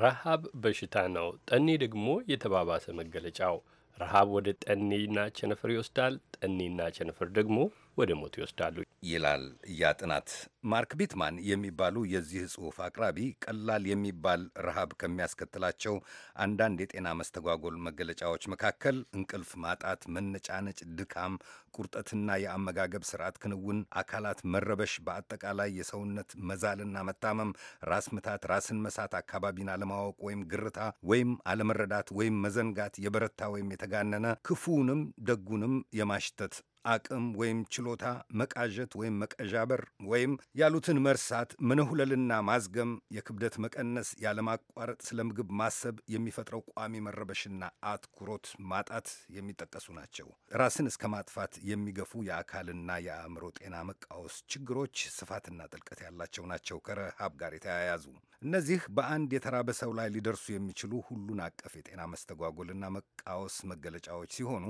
ረሃብ በሽታ ነው። ጠኔ ደግሞ የተባባሰ መገለጫው። ረሃብ ወደ ጠኔና ቸነፈር ይወስዳል። ጠኔና ቸነፈር ደግሞ ወደ ሞት ይወስዳሉ ይላል ያ ጥናት። ማርክ ቢትማን የሚባሉ የዚህ ጽሑፍ አቅራቢ ቀላል የሚባል ረሃብ ከሚያስከትላቸው አንዳንድ የጤና መስተጓጎል መገለጫዎች መካከል እንቅልፍ ማጣት፣ መነጫነጭ፣ ድካም፣ ቁርጠትና የአመጋገብ ስርዓት ክንውን፣ አካላት መረበሽ፣ በአጠቃላይ የሰውነት መዛልና መታመም፣ ራስ ምታት፣ ራስን መሳት፣ አካባቢን አለማወቅ ወይም ግርታ ወይም አለመረዳት ወይም መዘንጋት፣ የበረታ ወይም የተጋነነ ክፉውንም ደጉንም የማሽተት አቅም ወይም ችሎታ መቃዠት ወይም መቀዣበር ወይም ያሉትን መርሳት፣ መነሁለልና ማዝገም፣ የክብደት መቀነስ፣ ያለማቋረጥ ስለ ምግብ ማሰብ የሚፈጥረው ቋሚ መረበሽና አትኩሮት ማጣት የሚጠቀሱ ናቸው። ራስን እስከ ማጥፋት የሚገፉ የአካልና የአእምሮ ጤና መቃወስ ችግሮች ስፋትና ጥልቀት ያላቸው ናቸው። ከረሃብ ጋር የተያያዙ እነዚህ በአንድ የተራበ ሰው ላይ ሊደርሱ የሚችሉ ሁሉን አቀፍ የጤና መስተጓጎልና መቃወስ መገለጫዎች ሲሆኑ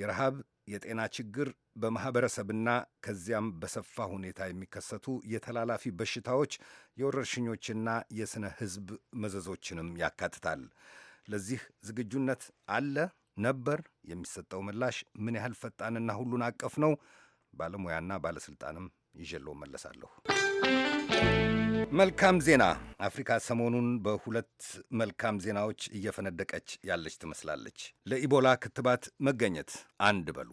የረሃብ የጤና ችግር በማኅበረሰብና ከዚያም በሰፋ ሁኔታ የሚከሰቱ የተላላፊ በሽታዎች የወረርሽኞችና የሥነ ሕዝብ መዘዞችንም ያካትታል። ለዚህ ዝግጁነት አለ ነበር? የሚሰጠው ምላሽ ምን ያህል ፈጣንና ሁሉን አቀፍ ነው? ባለሙያና ባለሥልጣንም ይዤለው መለሳለሁ። መልካም ዜና። አፍሪካ ሰሞኑን በሁለት መልካም ዜናዎች እየፈነደቀች ያለች ትመስላለች። ለኢቦላ ክትባት መገኘት አንድ በሉ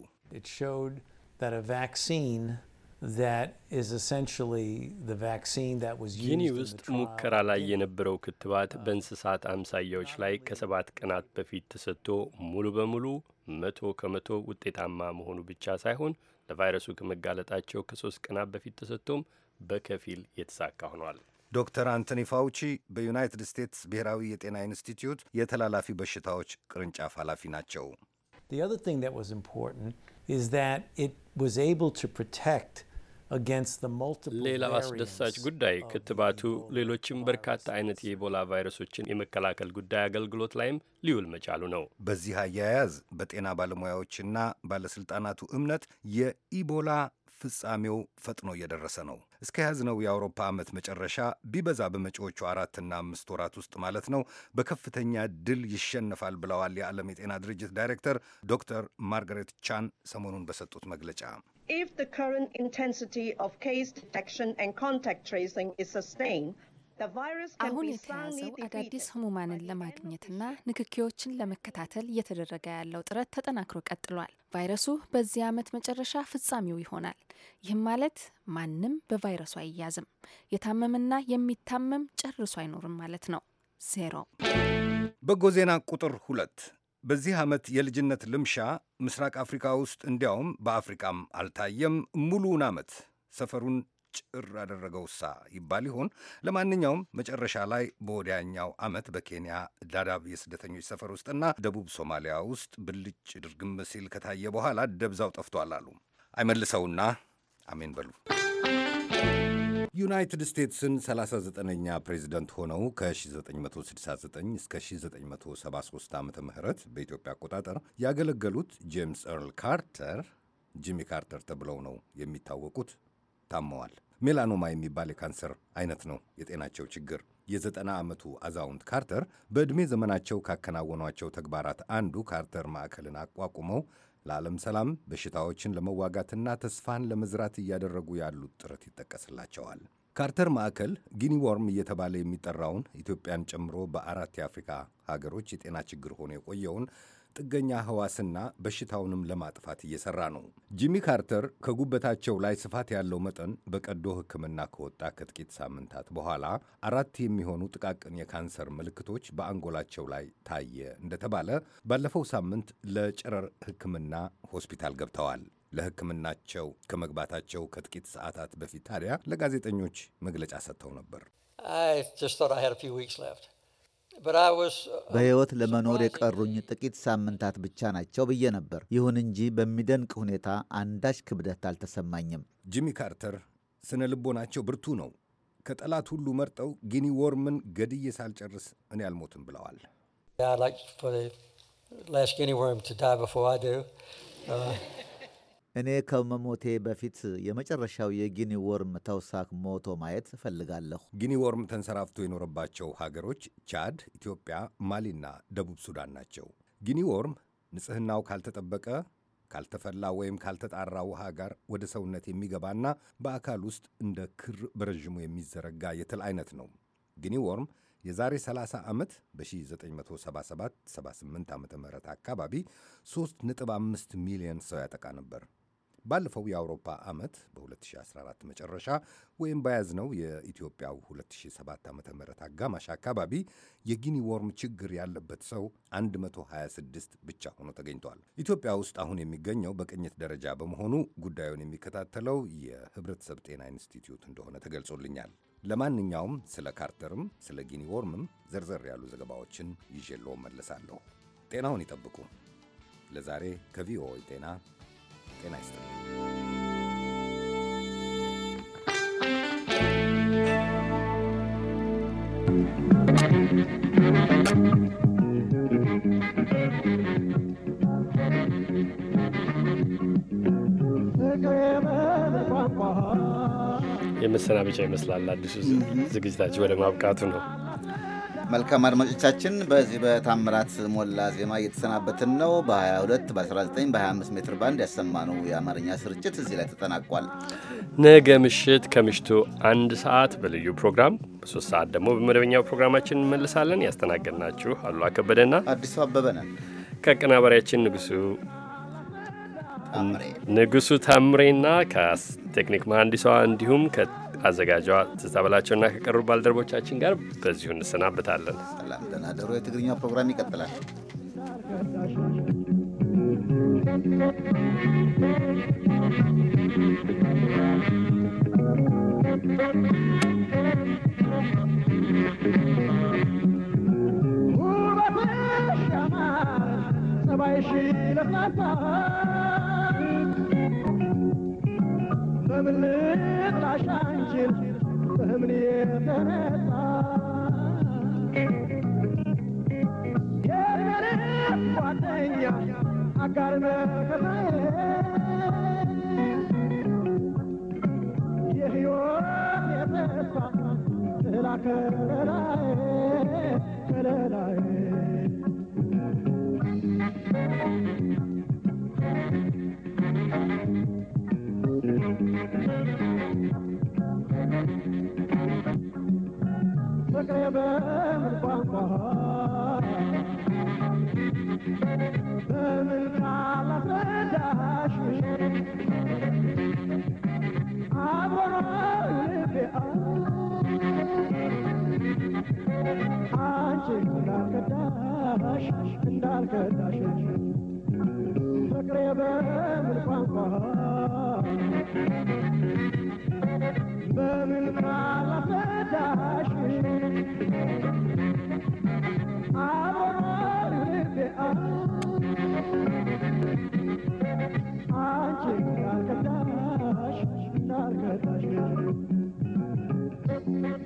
ጊኒ ውስጥ ሙከራ ላይ የነበረው ክትባት በእንስሳት አምሳያዎች ላይ ከሰባት ቀናት በፊት ተሰጥቶ ሙሉ በሙሉ መቶ ከመቶ ውጤታማ መሆኑ ብቻ ሳይሆን ለቫይረሱ ከመጋለጣቸው ከሶስት ቀናት በፊት ተሰጥቶም በከፊል የተሳካ ሆኗል። ዶክተር አንቶኒ ፋውቺ በዩናይትድ ስቴትስ ብሔራዊ የጤና ኢንስቲትዩት የተላላፊ በሽታዎች ቅርንጫፍ ኃላፊ ናቸው። ሌላው አስደሳች ጉዳይ ክትባቱ ሌሎችም በርካታ አይነት የኢቦላ ቫይረሶችን የመከላከል ጉዳይ አገልግሎት ላይም ሊውል መቻሉ ነው። በዚህ አያያዝ በጤና ባለሙያዎችና ባለሥልጣናቱ እምነት የኢቦላ ፍጻሜው ፈጥኖ እየደረሰ ነው። እስከ ያዝነው የአውሮፓ ዓመት መጨረሻ ቢበዛ በመጪዎቹ አራትና አምስት ወራት ውስጥ ማለት ነው በከፍተኛ ድል ይሸነፋል ብለዋል የዓለም የጤና ድርጅት ዳይሬክተር ዶክተር ማርጋሬት ቻን ሰሞኑን በሰጡት መግለጫ። If the current intensity of case detection and contact tracing is sustained, አሁን የተያዘው አዳዲስ ህሙማንን ለማግኘትና ንክኪዎችን ለመከታተል እየተደረገ ያለው ጥረት ተጠናክሮ ቀጥሏል። ቫይረሱ በዚህ ዓመት መጨረሻ ፍጻሜው ይሆናል። ይህም ማለት ማንም በቫይረሱ አይያዝም፣ የታመምና የሚታመም ጨርሶ አይኖርም ማለት ነው። ዜሮ በጎ ዜና ቁጥር ሁለት በዚህ ዓመት የልጅነት ልምሻ ምስራቅ አፍሪካ ውስጥ እንዲያውም በአፍሪቃም አልታየም። ሙሉውን ዓመት ሰፈሩን አጭር አደረገውሳ ይባል ይሆን? ለማንኛውም መጨረሻ ላይ በወዲያኛው ዓመት በኬንያ ዳዳብ የስደተኞች ሰፈር ውስጥና ደቡብ ሶማሊያ ውስጥ ብልጭ ድርግም ሲል ከታየ በኋላ ደብዛው ጠፍቷል አሉ። አይመልሰውና አሜን በሉ። ዩናይትድ ስቴትስን 39ኛ ፕሬዚደንት ሆነው ከ1969 እስከ 1973 ዓ ም በኢትዮጵያ አቆጣጠር ያገለገሉት ጄምስ ኤርል ካርተር ጂሚ ካርተር ተብለው ነው የሚታወቁት ታመዋል። ሜላኖማ የሚባል የካንሰር አይነት ነው የጤናቸው ችግር። የዘጠና ዓመቱ አዛውንት ካርተር በዕድሜ ዘመናቸው ካከናወኗቸው ተግባራት አንዱ ካርተር ማዕከልን አቋቁመው ለዓለም ሰላም በሽታዎችን ለመዋጋትና ተስፋን ለመዝራት እያደረጉ ያሉት ጥረት ይጠቀስላቸዋል። ካርተር ማዕከል ጊኒዎርም እየተባለ የሚጠራውን ኢትዮጵያን ጨምሮ በአራት የአፍሪካ ሀገሮች የጤና ችግር ሆኖ የቆየውን ጥገኛ ህዋስና በሽታውንም ለማጥፋት እየሰራ ነው። ጂሚ ካርተር ከጉበታቸው ላይ ስፋት ያለው መጠን በቀዶ ሕክምና ከወጣ ከጥቂት ሳምንታት በኋላ አራት የሚሆኑ ጥቃቅን የካንሰር ምልክቶች በአንጎላቸው ላይ ታየ እንደተባለ ባለፈው ሳምንት ለጨረር ሕክምና ሆስፒታል ገብተዋል። ለሕክምናቸው ከመግባታቸው ከጥቂት ሰዓታት በፊት ታዲያ ለጋዜጠኞች መግለጫ ሰጥተው ነበር። Uh, በሕይወት ለመኖር የቀሩኝ ጥቂት ሳምንታት ብቻ ናቸው ብዬ ነበር። ይሁን እንጂ በሚደንቅ ሁኔታ አንዳች ክብደት አልተሰማኝም። ጂሚ ካርተር ስነ ልቦናቸው ብርቱ ነው። ከጠላት ሁሉ መርጠው ጊኒ ወርምን ገድዬ ሳልጨርስ እኔ አልሞትም ብለዋል። እኔ ከመሞቴ በፊት የመጨረሻው የጊኒ ወርም ተውሳክ ሞቶ ማየት እፈልጋለሁ። ጊኒ ወርም ተንሰራፍቶ የኖረባቸው ሀገሮች ቻድ፣ ኢትዮጵያ፣ ማሊና ደቡብ ሱዳን ናቸው። ጊኒ ወርም ንጽህናው ካልተጠበቀ ካልተፈላ ወይም ካልተጣራ ውሃ ጋር ወደ ሰውነት የሚገባና በአካል ውስጥ እንደ ክር በረዥሙ የሚዘረጋ የትል አይነት ነው። ጊኒ ወርም የዛሬ 30 ዓመት በ1977/78 ዓ ም አካባቢ 3.5 ሚሊዮን ሰው ያጠቃ ነበር። ባለፈው የአውሮፓ ዓመት በ2014 መጨረሻ ወይም በያዝነው የኢትዮጵያው 2007 ዓ ም አጋማሽ አካባቢ የጊኒ ወርም ችግር ያለበት ሰው 126 ብቻ ሆኖ ተገኝቷል። ኢትዮጵያ ውስጥ አሁን የሚገኘው በቅኝት ደረጃ በመሆኑ ጉዳዩን የሚከታተለው የህብረተሰብ ጤና ኢንስቲትዩት እንደሆነ ተገልጾልኛል። ለማንኛውም ስለ ካርተርም ስለ ጊኒ ወርምም ዘርዘር ያሉ ዘገባዎችን ይዤሎ መለሳለሁ። ጤናውን ይጠብቁ። ለዛሬ ከቪኦኤ ጤና a nice day. የመሰናበቻ ይመስላል አዲሱ ዝግጅታችን ወደ ማብቃቱ ነው። መልካም አድማጮቻችን፣ በዚህ በታምራት ሞላ ዜማ እየተሰናበትን ነው። በ22 በ19 በ25 ሜትር ባንድ ያሰማነው የአማርኛ ስርጭት እዚህ ላይ ተጠናቋል። ነገ ምሽት ከምሽቱ አንድ ሰዓት በልዩ ፕሮግራም፣ በሶስት ሰዓት ደግሞ በመደበኛው ፕሮግራማችን እንመልሳለን። ያስተናገድናችሁ አሉላ ከበደና አዲሱ አበበ ነን ከአቀናባሪያችን ንጉሱ ንጉሱ ታምሬና ቴክኒክ መሐንዲሷ እንዲሁም ከአዘጋጇ ትዝታ ከቀሩ ባልደረቦቻችን ጋር በዚሁ እንሰናበታለን። ሰላም ደህና ደሩ። የትግርኛ ፕሮግራም ይቀጥላል። እንደምን ልጥራሽ አንቺን በምን የተነሳ ጓደኛ አጋር ከለላዬ ከለላዬ ፍቅሬ በምን ቋንቋ በምን ቃል قريبة من الفنقة بمن ما لفتاش عمر البئر عاجل قداش